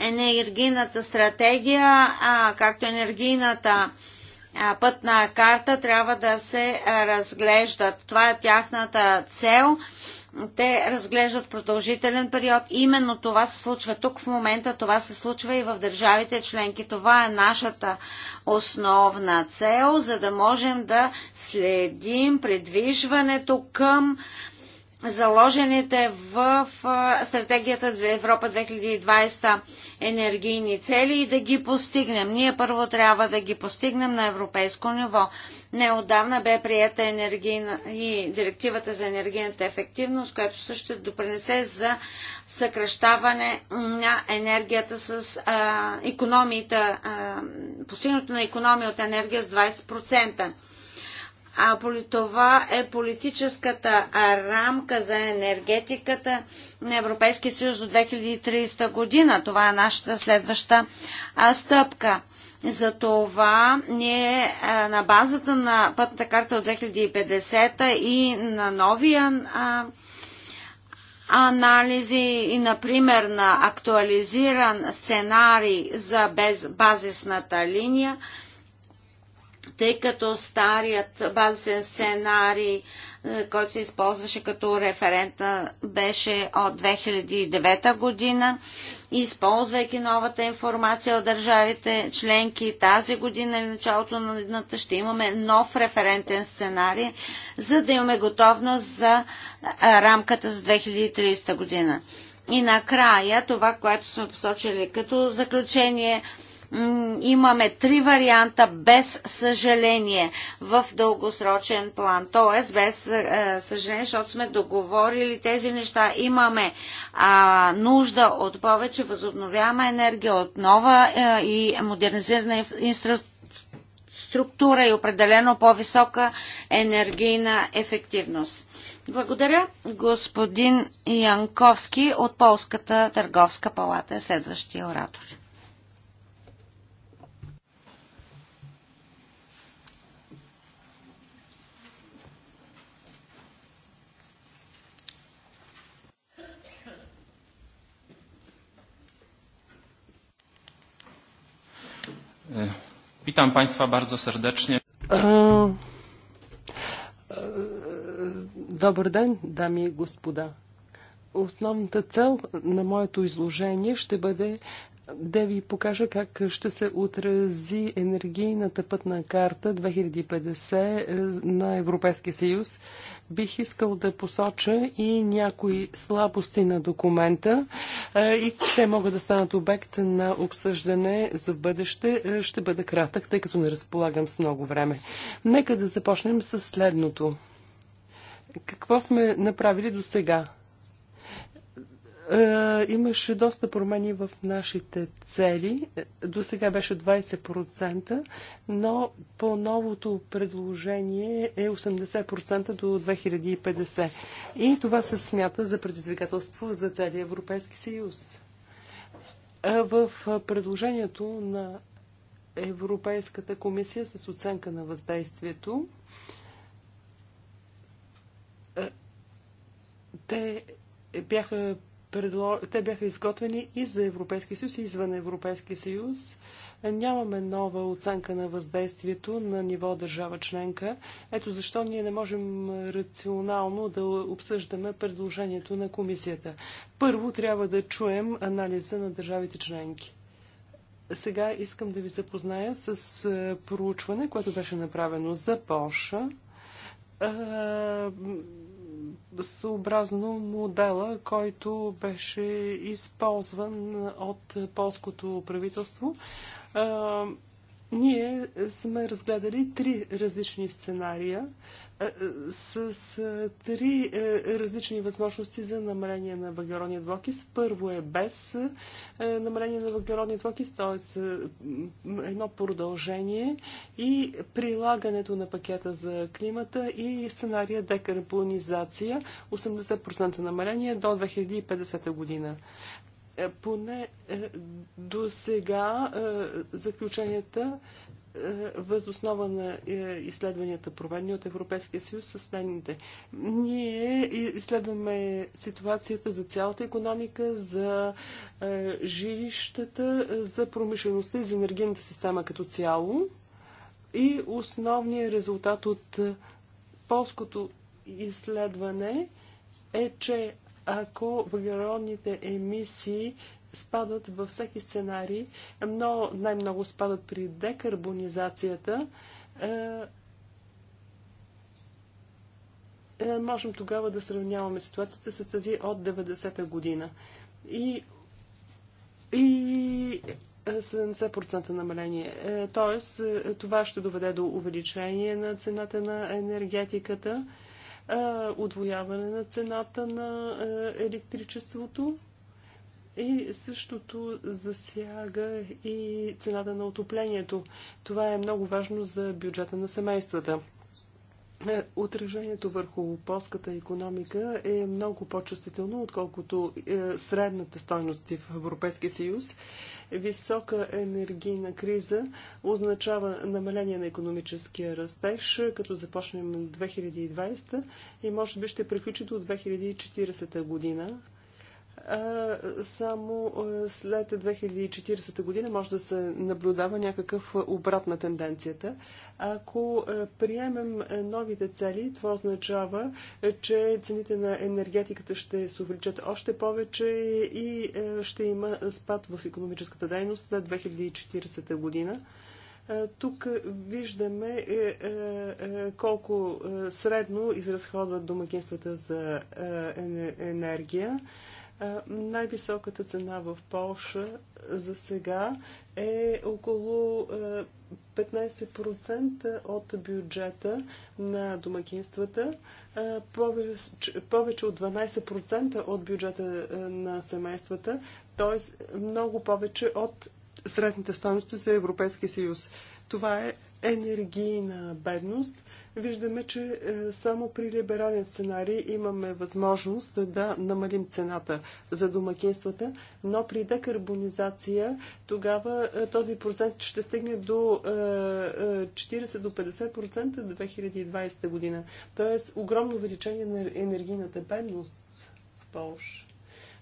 енергийната стратегия, а, както енергийната а, пътна карта трябва да се разглеждат. Това е тяхната цел – те разглеждат продължителен период. Именно това се случва тук в момента, това се случва и в държавите членки. Това е нашата основна цел, за да можем да следим предвижването към заложените в стратегията за Европа 2020 енергийни цели и да ги постигнем. Ние първо трябва да ги постигнем на европейско ниво. Неодавна бе приета енергийна и директивата за енергийната ефективност, която също ще допринесе за съкръщаване на енергията с а, економията, а, постигнато на економия от енергия с 20% а това е политическата рамка за енергетиката на Европейския съюз до 2030 година. Това е нашата следваща стъпка. За това ние на базата на пътната карта от 2050 и на новия анализи и, например, на актуализиран сценарий за безбазисната линия, тъй като старият базисен сценарий, е, който се използваше като референтна, беше от 2009 година. Използвайки новата информация от държавите членки тази година или началото на едната, ще имаме нов референтен сценарий, за да имаме готовност за рамката за 2030 година. И накрая, това, което сме посочили като заключение – имаме три варианта без съжаление в дългосрочен план. Тоест, без е, е, съжаление, защото сме договорили тези неща. Имаме а, нужда от повече възобновяема енергия, от нова а, е, и модернизирана инфраструктура и определено по-висока енергийна ефективност. Благодаря. Господин Янковски от Полската търговска палата следващия оратор. Witam Państwa bardzo serdecznie. Добър e, e, ден, дами и господа. Основната цел на моето изложение ще бъде да ви покажа как ще се отрази енергийната пътна карта 2050 е, на Европейския съюз. Бих искал да посоча и някои слабости на документа е, и те могат да станат обект на обсъждане за бъдеще. Е, ще бъда кратък, тъй като не разполагам с много време. Нека да започнем с следното. Какво сме направили до сега? Е, имаше доста промени в нашите цели. До сега беше 20%, но по новото предложение е 80% до 2050. И това се смята за предизвикателство за целия Европейски съюз. Е, в предложението на Европейската комисия с оценка на въздействието е, те бяха те бяха изготвени и за Европейски съюз, и извън Европейски съюз. Нямаме нова оценка на въздействието на ниво държава членка. Ето защо ние не можем рационално да обсъждаме предложението на комисията. Първо трябва да чуем анализа на държавите членки. Сега искам да ви запозная с проучване, което беше направено за Польша съобразно модела, който беше използван от полското правителство. Ние сме разгледали три различни сценария с, с три е, различни възможности за намаление на въглеродния двокис. Първо е без е, намаление на въглеродния двокис, т.е. Е, едно продължение и прилагането на пакета за климата и сценария декарбонизация 80% намаление до 2050 година е, поне е, до сега заключенията възоснова на е, изследванията, проведени от Европейския съюз, са следните. Ние изследваме ситуацията за цялата економика, за е, жилищата, за промишлеността и за енергийната система като цяло. И основният резултат от е, полското изследване е, че ако въглеродните емисии спадат във всеки сценарий, но най-много спадат при декарбонизацията. Е, е, можем тогава да сравняваме ситуацията с тази от 90-та година. И, и 70% е, намаление. Тоест, това ще доведе до увеличение на цената на енергетиката, удвояване на цената на електричеството и същото засяга и цената на отоплението. Това е много важно за бюджета на семействата. Е, отражението върху полската економика е много по-чувствително, отколкото е, средната стойност в Европейския съюз. Висока енергийна криза означава намаление на економическия растеж, като започнем 2020 и може би ще приключи до 2040 година само след 2040 година може да се наблюдава някакъв обрат на тенденцията. Ако приемем новите цели, това означава, че цените на енергетиката ще се увеличат още повече и ще има спад в економическата дейност след 2040 година. Тук виждаме колко средно изразходват домакинствата за енергия. Е, най-високата цена в Польша за сега е около 15% е, от бюджета на домакинствата, е, повече, повече от 12% от бюджета на семействата, т.е. много повече от средните стоености за Европейския съюз. Това е енергийна бедност. Виждаме, че е, само при либерален сценарий имаме възможност да намалим цената за домакинствата, но при декарбонизация тогава е, този процент ще стигне до 40 е, 50% до 2020 година. Тоест огромно увеличение на енергийната бедност в Польша.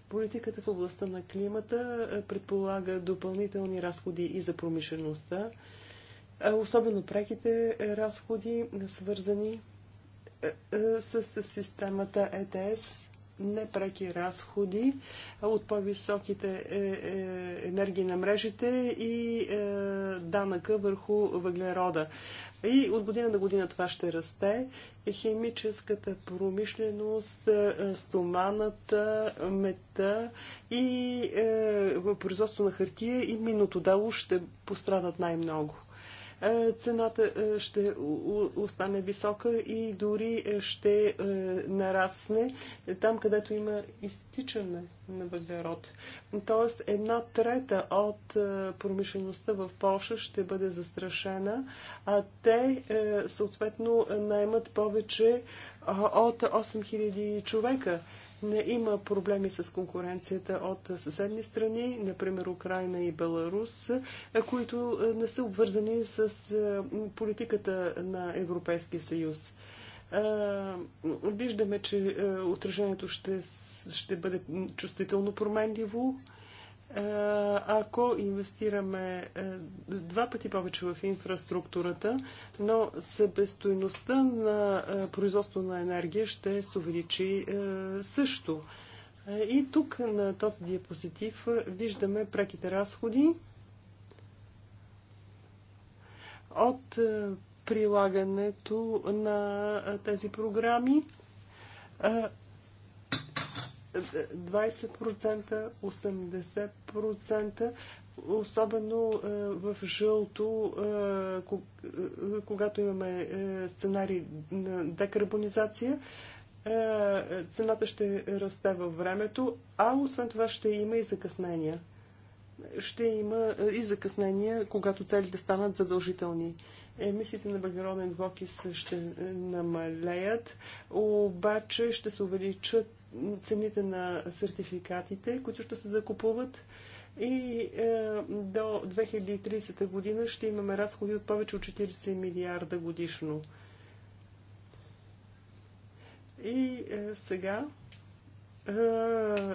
Политиката в областта на климата предполага допълнителни разходи и за промишлеността особено преките е, разходи, е, свързани е, с системата ЕТС, непреки разходи от по-високите енергии на мрежите и данъка върху въглерода. И от година на година това ще расте. Химическата промишленост, стоманата, мета и производство на хартия и миното дело ще пострадат най-много цената ще остане висока и дори ще нарасне там, където има изтичане на въглерод. Тоест една трета от промишлеността в Польша ще бъде застрашена, а те съответно наймат повече от 8000 човека. Има проблеми с конкуренцията от съседни страни, например Украина и Беларус, които не са обвързани с политиката на Европейския съюз. Виждаме, че отражението ще, ще бъде чувствително променливо е, ако инвестираме е, два пъти повече в инфраструктурата, но себестойността на е, производство на енергия ще се увеличи също. И тук на този диапозитив виждаме преките разходи от прилагането на тези програми 20%, 80%, особено е, в жълто, е, е, когато имаме сценарий на декарбонизация, цената ще расте във времето, а освен това ще има и закъснения. Ще има и закъснения, когато целите станат задължителни. Емисиите на въглероден двокис ще намалеят, обаче ще се увеличат цените на сертификатите, които ще се закупуват. И е, до 2030 година ще имаме разходи от повече от 40 милиарда годишно. И е, сега е,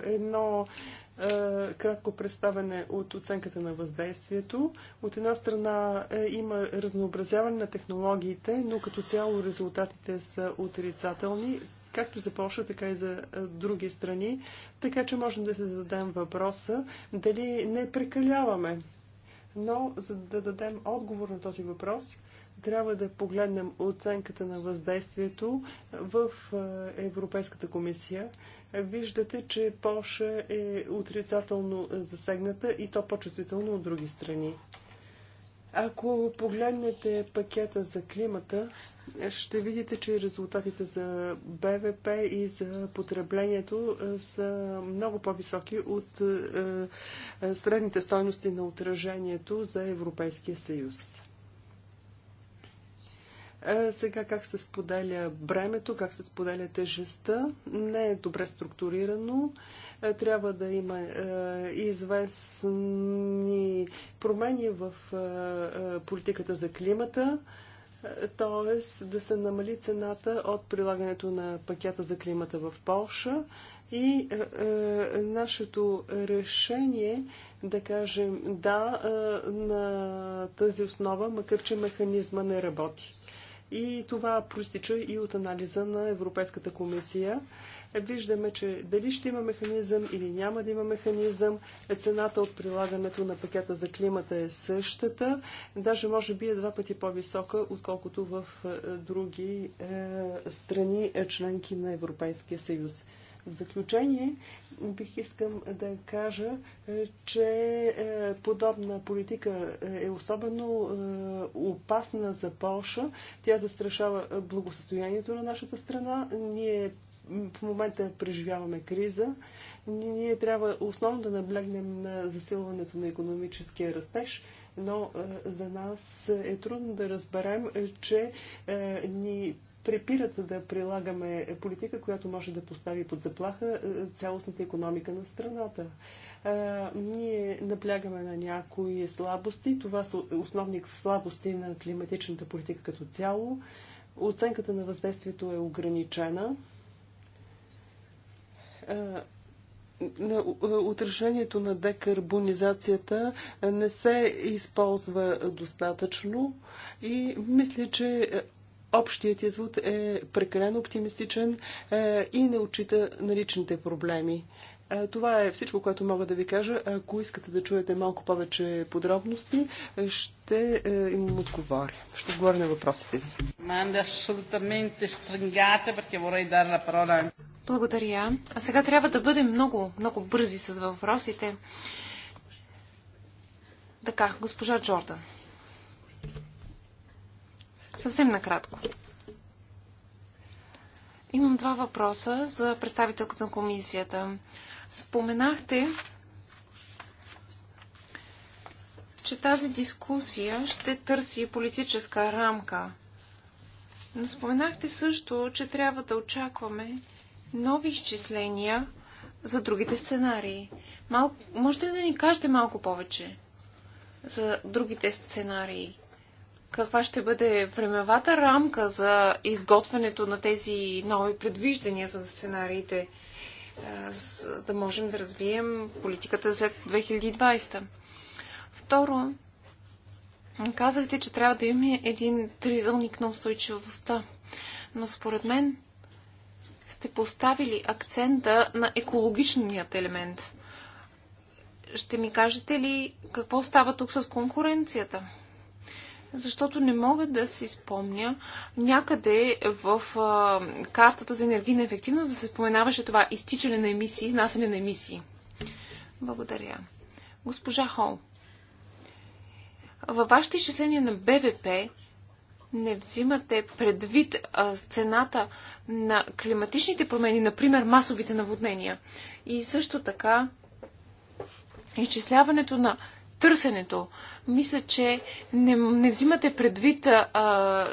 едно е, кратко представене от оценката на въздействието. От една страна е, има разнообразяване на технологиите, но като цяло резултатите са отрицателни както за Польша, така и за други страни. Така че можем да се зададем въпроса дали не прекаляваме. Но за да дадем отговор на този въпрос, трябва да погледнем оценката на въздействието в Европейската комисия. Виждате, че Польша е отрицателно засегната и то по-чувствително от други страни. Ако погледнете пакета за климата, ще видите, че резултатите за БВП и за потреблението е, са много по-високи от е, е, средните стойности на отражението за Европейския съюз. Сега как се споделя бремето, как се споделя тежестта, не е добре структурирано. Е, трябва да има е, известни промени в е, политиката за климата т.е. да се намали цената от прилагането на пакета за климата в Польша и е, е, нашето решение да кажем да е, на тази основа, макар че механизма не работи. И това проистича и от анализа на Европейската комисия виждаме, че дали ще има механизъм или няма да има механизъм, цената от прилагането на пакета за климата е същата, даже може би е два пъти по-висока, отколкото в е, други е, страни, е, членки на Европейския съюз. В заключение бих искам да кажа, че подобна политика е особено опасна за Польша. Тя застрашава благосъстоянието на нашата страна. Ние в момента преживяваме криза. Ние трябва основно да наблегнем на засилването на економическия растеж, но е, за нас е трудно да разберем, е, че е, ни препират да прилагаме политика, която може да постави под заплаха цялостната економика на страната. ние наблягаме на някои слабости. Това са основни слабости на климатичната политика като цяло. Оценката на въздействието е ограничена на отражението на декарбонизацията не се използва достатъчно и мисля, че общият извод е прекалено оптимистичен и не отчита наличните проблеми. Това е всичко, което мога да ви кажа. Ако искате да чуете малко повече подробности, ще им отговоря. Ще отговоря на въпросите ви. Благодаря. А сега трябва да бъдем много, много бързи с въпросите. Така, госпожа Джордан. Съвсем накратко. Имам два въпроса за представителката на комисията. Споменахте, че тази дискусия ще търси политическа рамка. Но споменахте също, че трябва да очакваме нови изчисления за другите сценарии. Мал... можете ли да ни кажете малко повече за другите сценарии? Каква ще бъде времевата рамка за изготвянето на тези нови предвиждания за сценариите, е, за да можем да развием политиката след 2020? Второ, казахте, че трябва да имаме един триъгълник на устойчивостта. Но според мен сте поставили акцента на екологичният елемент. Ще ми кажете ли какво става тук с конкуренцията? Защото не мога да си спомня някъде в а, картата за енергийна ефективност да се споменаваше това изтичане на емисии, изнасяне на емисии. Благодаря. Госпожа Хол, във вашите изчисления на БВП не взимате предвид цената на климатичните промени, например масовите наводнения. И също така изчисляването на търсенето. Мисля, че не, не взимате предвид а,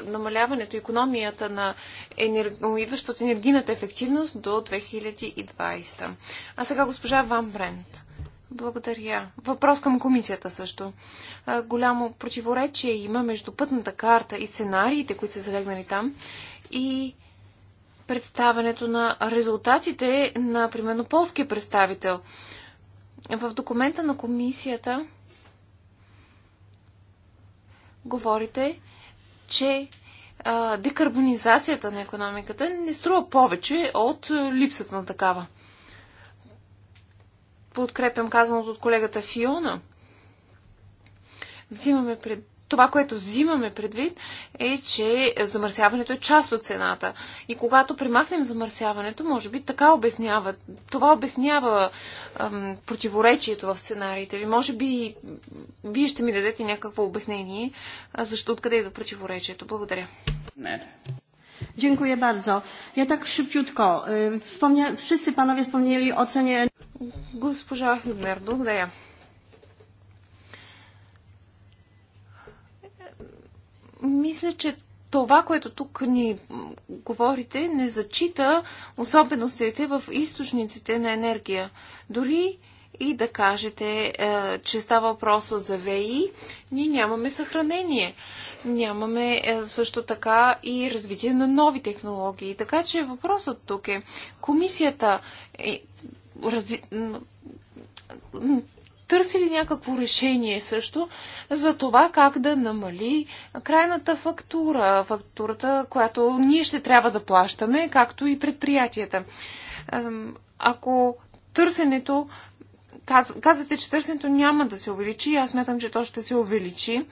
намаляването, економията на енер... от енергийната ефективност до 2020. А сега госпожа Ван Брент. Благодаря. Въпрос към комисията също. Голямо противоречие има между пътната карта и сценариите, които са залегнали там и представянето на резултатите на, примерно, полския представител. В документа на комисията говорите, че декарбонизацията на економиката не струва повече от липсата на такава подкрепям казаното от колегата Фиона. Взимаме пред... Това, което взимаме предвид е, че замърсяването е част от цената. И когато примахнем замърсяването, може би така обяснява. Това обяснява ам, противоречието в сценариите ви. Може би вие ще ми дадете някакво обяснение, а защо откъде е до противоречието. Благодаря. Не. Dziękuję bardzo. Ja tak szybciutko. Wspomnia... Wszyscy panowie wspomnieli o cenie... благодаря. Мисля, че това, което тук ни говорите, не зачита особеностите в източниците на енергия. Дори и да кажете, е, че става въпроса за ВИ, ние нямаме съхранение. Нямаме е, също така и развитие на нови технологии. Така че въпросът тук е, комисията е, търси ли някакво решение също за това как да намали крайната фактура, фактурата, която ние ще трябва да плащаме, както и предприятията. Ако търсенето Каз, казвате, че търсенето няма да се увеличи. Аз смятам, че то ще се увеличи.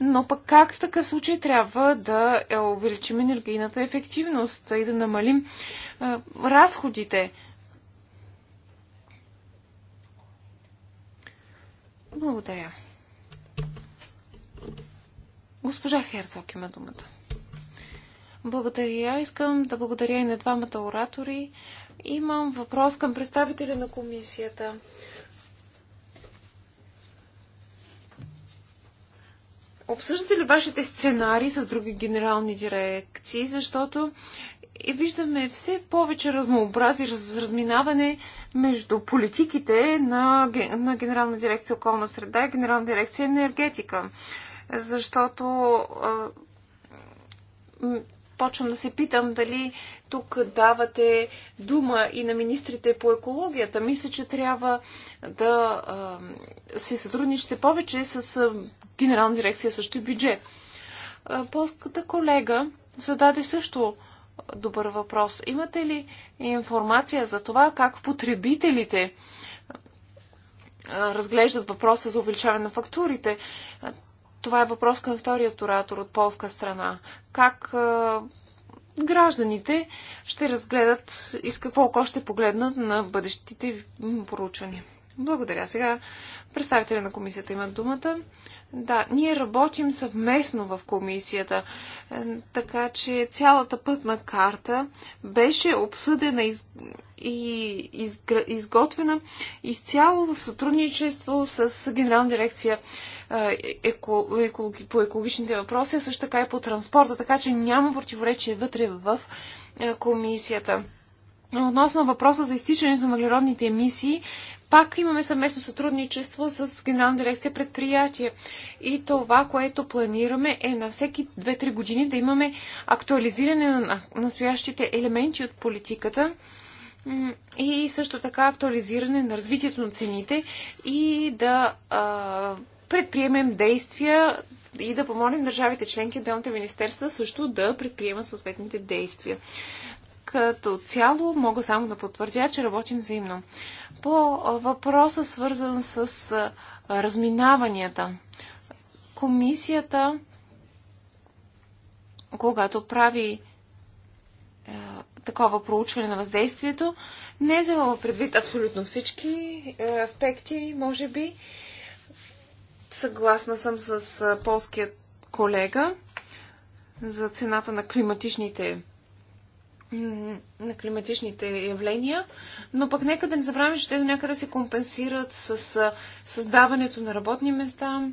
Но пък как в такъв случай трябва да е, увеличим енергийната ефективност и да намалим а, е, разходите? Благодаря. Госпожа Херцог има думата. Благодаря. Искам да благодаря и на двамата оратори. Имам въпрос към представителя на комисията. обсъждате ли вашите сценари с други генерални дирекции, защото и виждаме все повече разнообразие, раз, разминаване между политиките на, на Генерална дирекция околна среда и Генерална дирекция енергетика. Защото а, почвам да се питам дали тук давате дума и на министрите по екологията. Мисля, че трябва да а, се сътрудничате повече с а, Генерална дирекция също и бюджет. А, полската колега зададе също добър въпрос. Имате ли информация за това как потребителите разглеждат въпроса за увеличаване на фактурите? Това е въпрос към вторият оратор от полска страна. Как гражданите ще разгледат и с какво око ще погледнат на бъдещите проучвания. Благодаря. Сега представителя на комисията имат думата. Да, ние работим съвместно в комисията, е, така че цялата пътна карта беше обсъдена из... и из... изготвена изцяло в сътрудничество с Генерална дирекция еко, по екологичните въпроси, а също така и по транспорта, така че няма противоречие вътре в комисията. Относно въпроса за изтичането на въглеродните емисии, пак имаме съвместно сътрудничество с Генерална дирекция предприятие. И това, което планираме е на всеки 2-3 години да имаме актуализиране на настоящите елементи от политиката и също така актуализиране на развитието на цените и да а, предприемем действия и да помолим държавите членки, отделните министерства също да предприемат съответните действия. Като цяло мога само да потвърдя, че работим взаимно. По въпроса свързан с разминаванията, комисията, когато прави такова проучване на въздействието, не е взела предвид абсолютно всички аспекти, може би, Съгласна съм с полският колега за цената на климатичните на климатичните явления, но пък нека да не забравяме, че те до някъде се компенсират с създаването на работни места,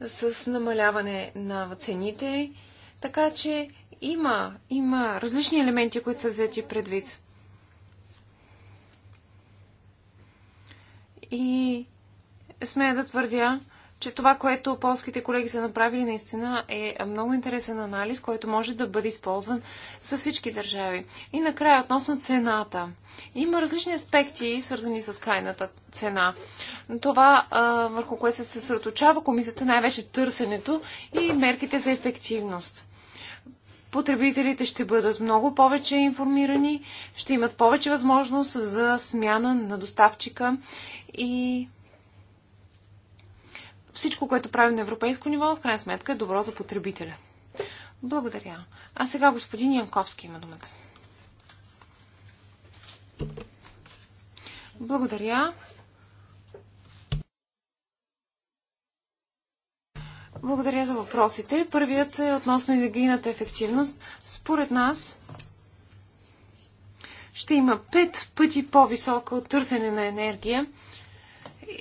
с намаляване на цените, така че има, има различни елементи, които са взети предвид. И смея да твърдя, че това, което полските колеги са направили, наистина е много интересен анализ, който може да бъде използван за всички държави. И накрая, относно цената. Има различни аспекти, свързани с крайната цена. Това, върху което се съсредоточава комисията, най-вече търсенето и мерките за ефективност потребителите ще бъдат много повече информирани, ще имат повече възможност за смяна на доставчика и всичко, което правим на европейско ниво, в крайна сметка е добро за потребителя. Благодаря. А сега господин Янковски има думата. Благодаря. Благодаря за въпросите. Първият е относно енергийната ефективност. Според нас ще има пет пъти по висока от търсене на енергия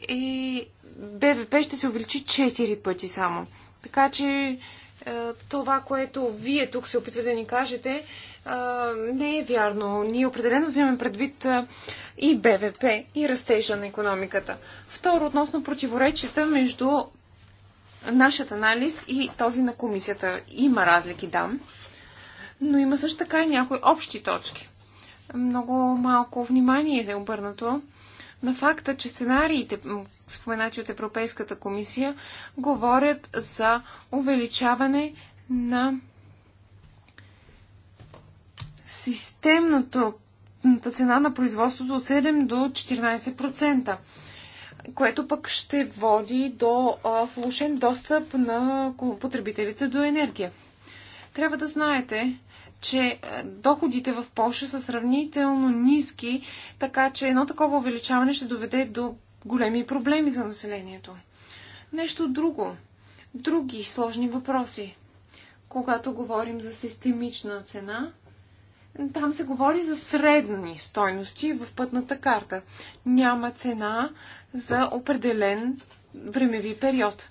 и БВП ще се увеличи 4 пъти само. Така че е, това, което вие тук се опитвате да ни кажете, е, не е вярно. Ние определено взимаме предвид е, и БВП, и растежа на економиката. Второ, относно противоречията между нашият анализ и този на комисията. Има разлики, да, но има също така и някои общи точки. Много малко внимание е обърнато на факта, че сценариите, споменати от Европейската комисия, говорят за увеличаване на системното цена на производството от 7 до 14%, което пък ще води до влушен достъп на потребителите до енергия. Трябва да знаете, че е, доходите в Польша са сравнително ниски, така че едно такова увеличаване ще доведе до големи проблеми за населението. Нещо друго. Други сложни въпроси. Когато говорим за системична цена, там се говори за средни стойности в пътната карта. Няма цена за определен времеви период.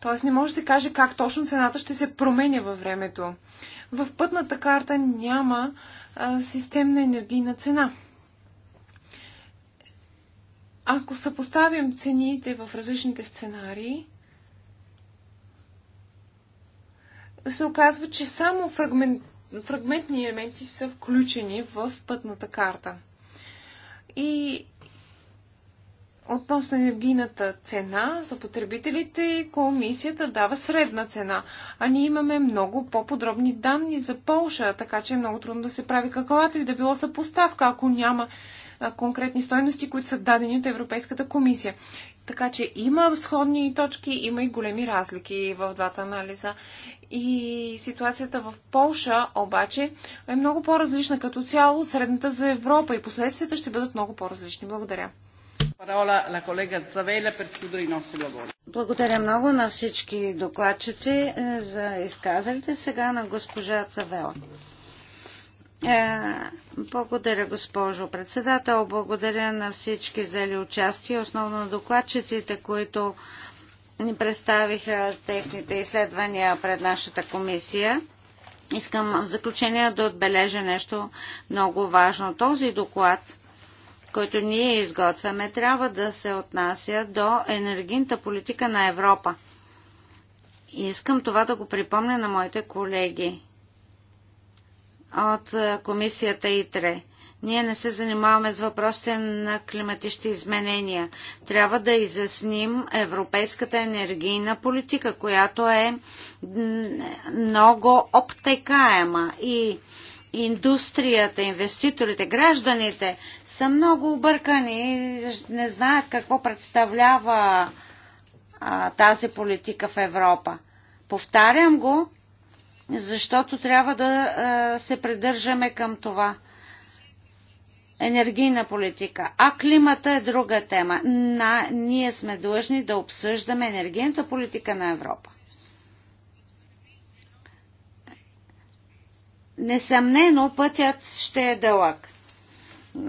Тоест не може да се каже как точно цената ще се променя във времето. В пътната карта няма а, системна енергийна цена. Ако съпоставим цените в различните сценарии, се оказва, че само фрагмен... фрагментни елементи са включени в пътната карта. И относно енергийната цена за потребителите, комисията дава средна цена. А ние имаме много по-подробни данни за Полша, така че е много трудно да се прави каквато и да било съпоставка, ако няма конкретни стойности, които са дадени от Европейската комисия. Така че има сходни точки, има и големи разлики в двата анализа. И ситуацията в Полша обаче е много по-различна като цяло от средната за Европа и последствията ще бъдат много по-различни. Благодаря. Благодаря много на всички докладчици е, за изказалите. Сега на госпожа Цавела. Е, благодаря, госпожо председател. Благодаря на всички взели участие, основно на докладчиците, които ни представиха техните изследвания пред нашата комисия. Искам в заключение да отбележа нещо много важно. Този доклад, който ние изготвяме, трябва да се отнася до енергийната политика на Европа. Искам това да го припомня на моите колеги от е, комисията ИТРЕ. Ние не се занимаваме с въпросите на климатични изменения. Трябва да изясним европейската енергийна политика, която е много обтекаема и индустрията, инвеститорите, гражданите са много объркани и не знаят какво представлява а, тази политика в Европа. Повтарям го, защото трябва да се придържаме към това. Енергийна политика. А климата е друга тема. На, ние сме длъжни да обсъждаме енергийната политика на Европа. Несъмнено пътят ще е дълъг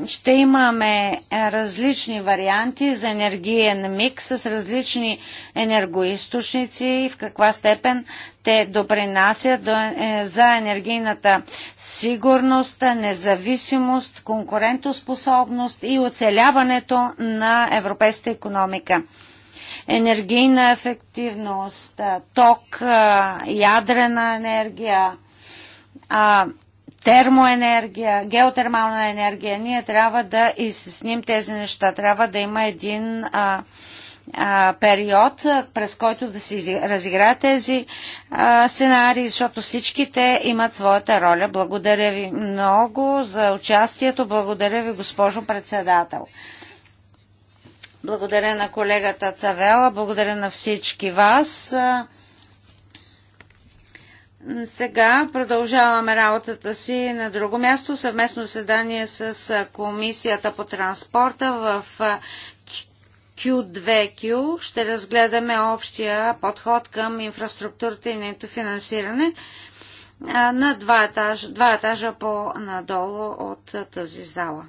ще имаме е, различни варианти за енергиен микс с различни енергоисточници и в каква степен те допринасят е, за енергийната сигурност, независимост, конкурентоспособност и оцеляването на европейската економика. Енергийна ефективност, е, ток, ядрена енергия, термоенергия, геотермална енергия. Ние трябва да изясним тези неща. Трябва да има един а, а, период, през който да се разиграят тези а, сценарии, защото всичките имат своята роля. Благодаря ви много за участието. Благодаря ви, госпожо председател. Благодаря на колегата Цавела, благодаря на всички вас. Сега продължаваме работата си на друго място, съвместно заседание с Комисията по транспорта в Q2Q. Ще разгледаме общия подход към инфраструктурата и нейното финансиране на два етажа, два етажа по-надолу от тази зала.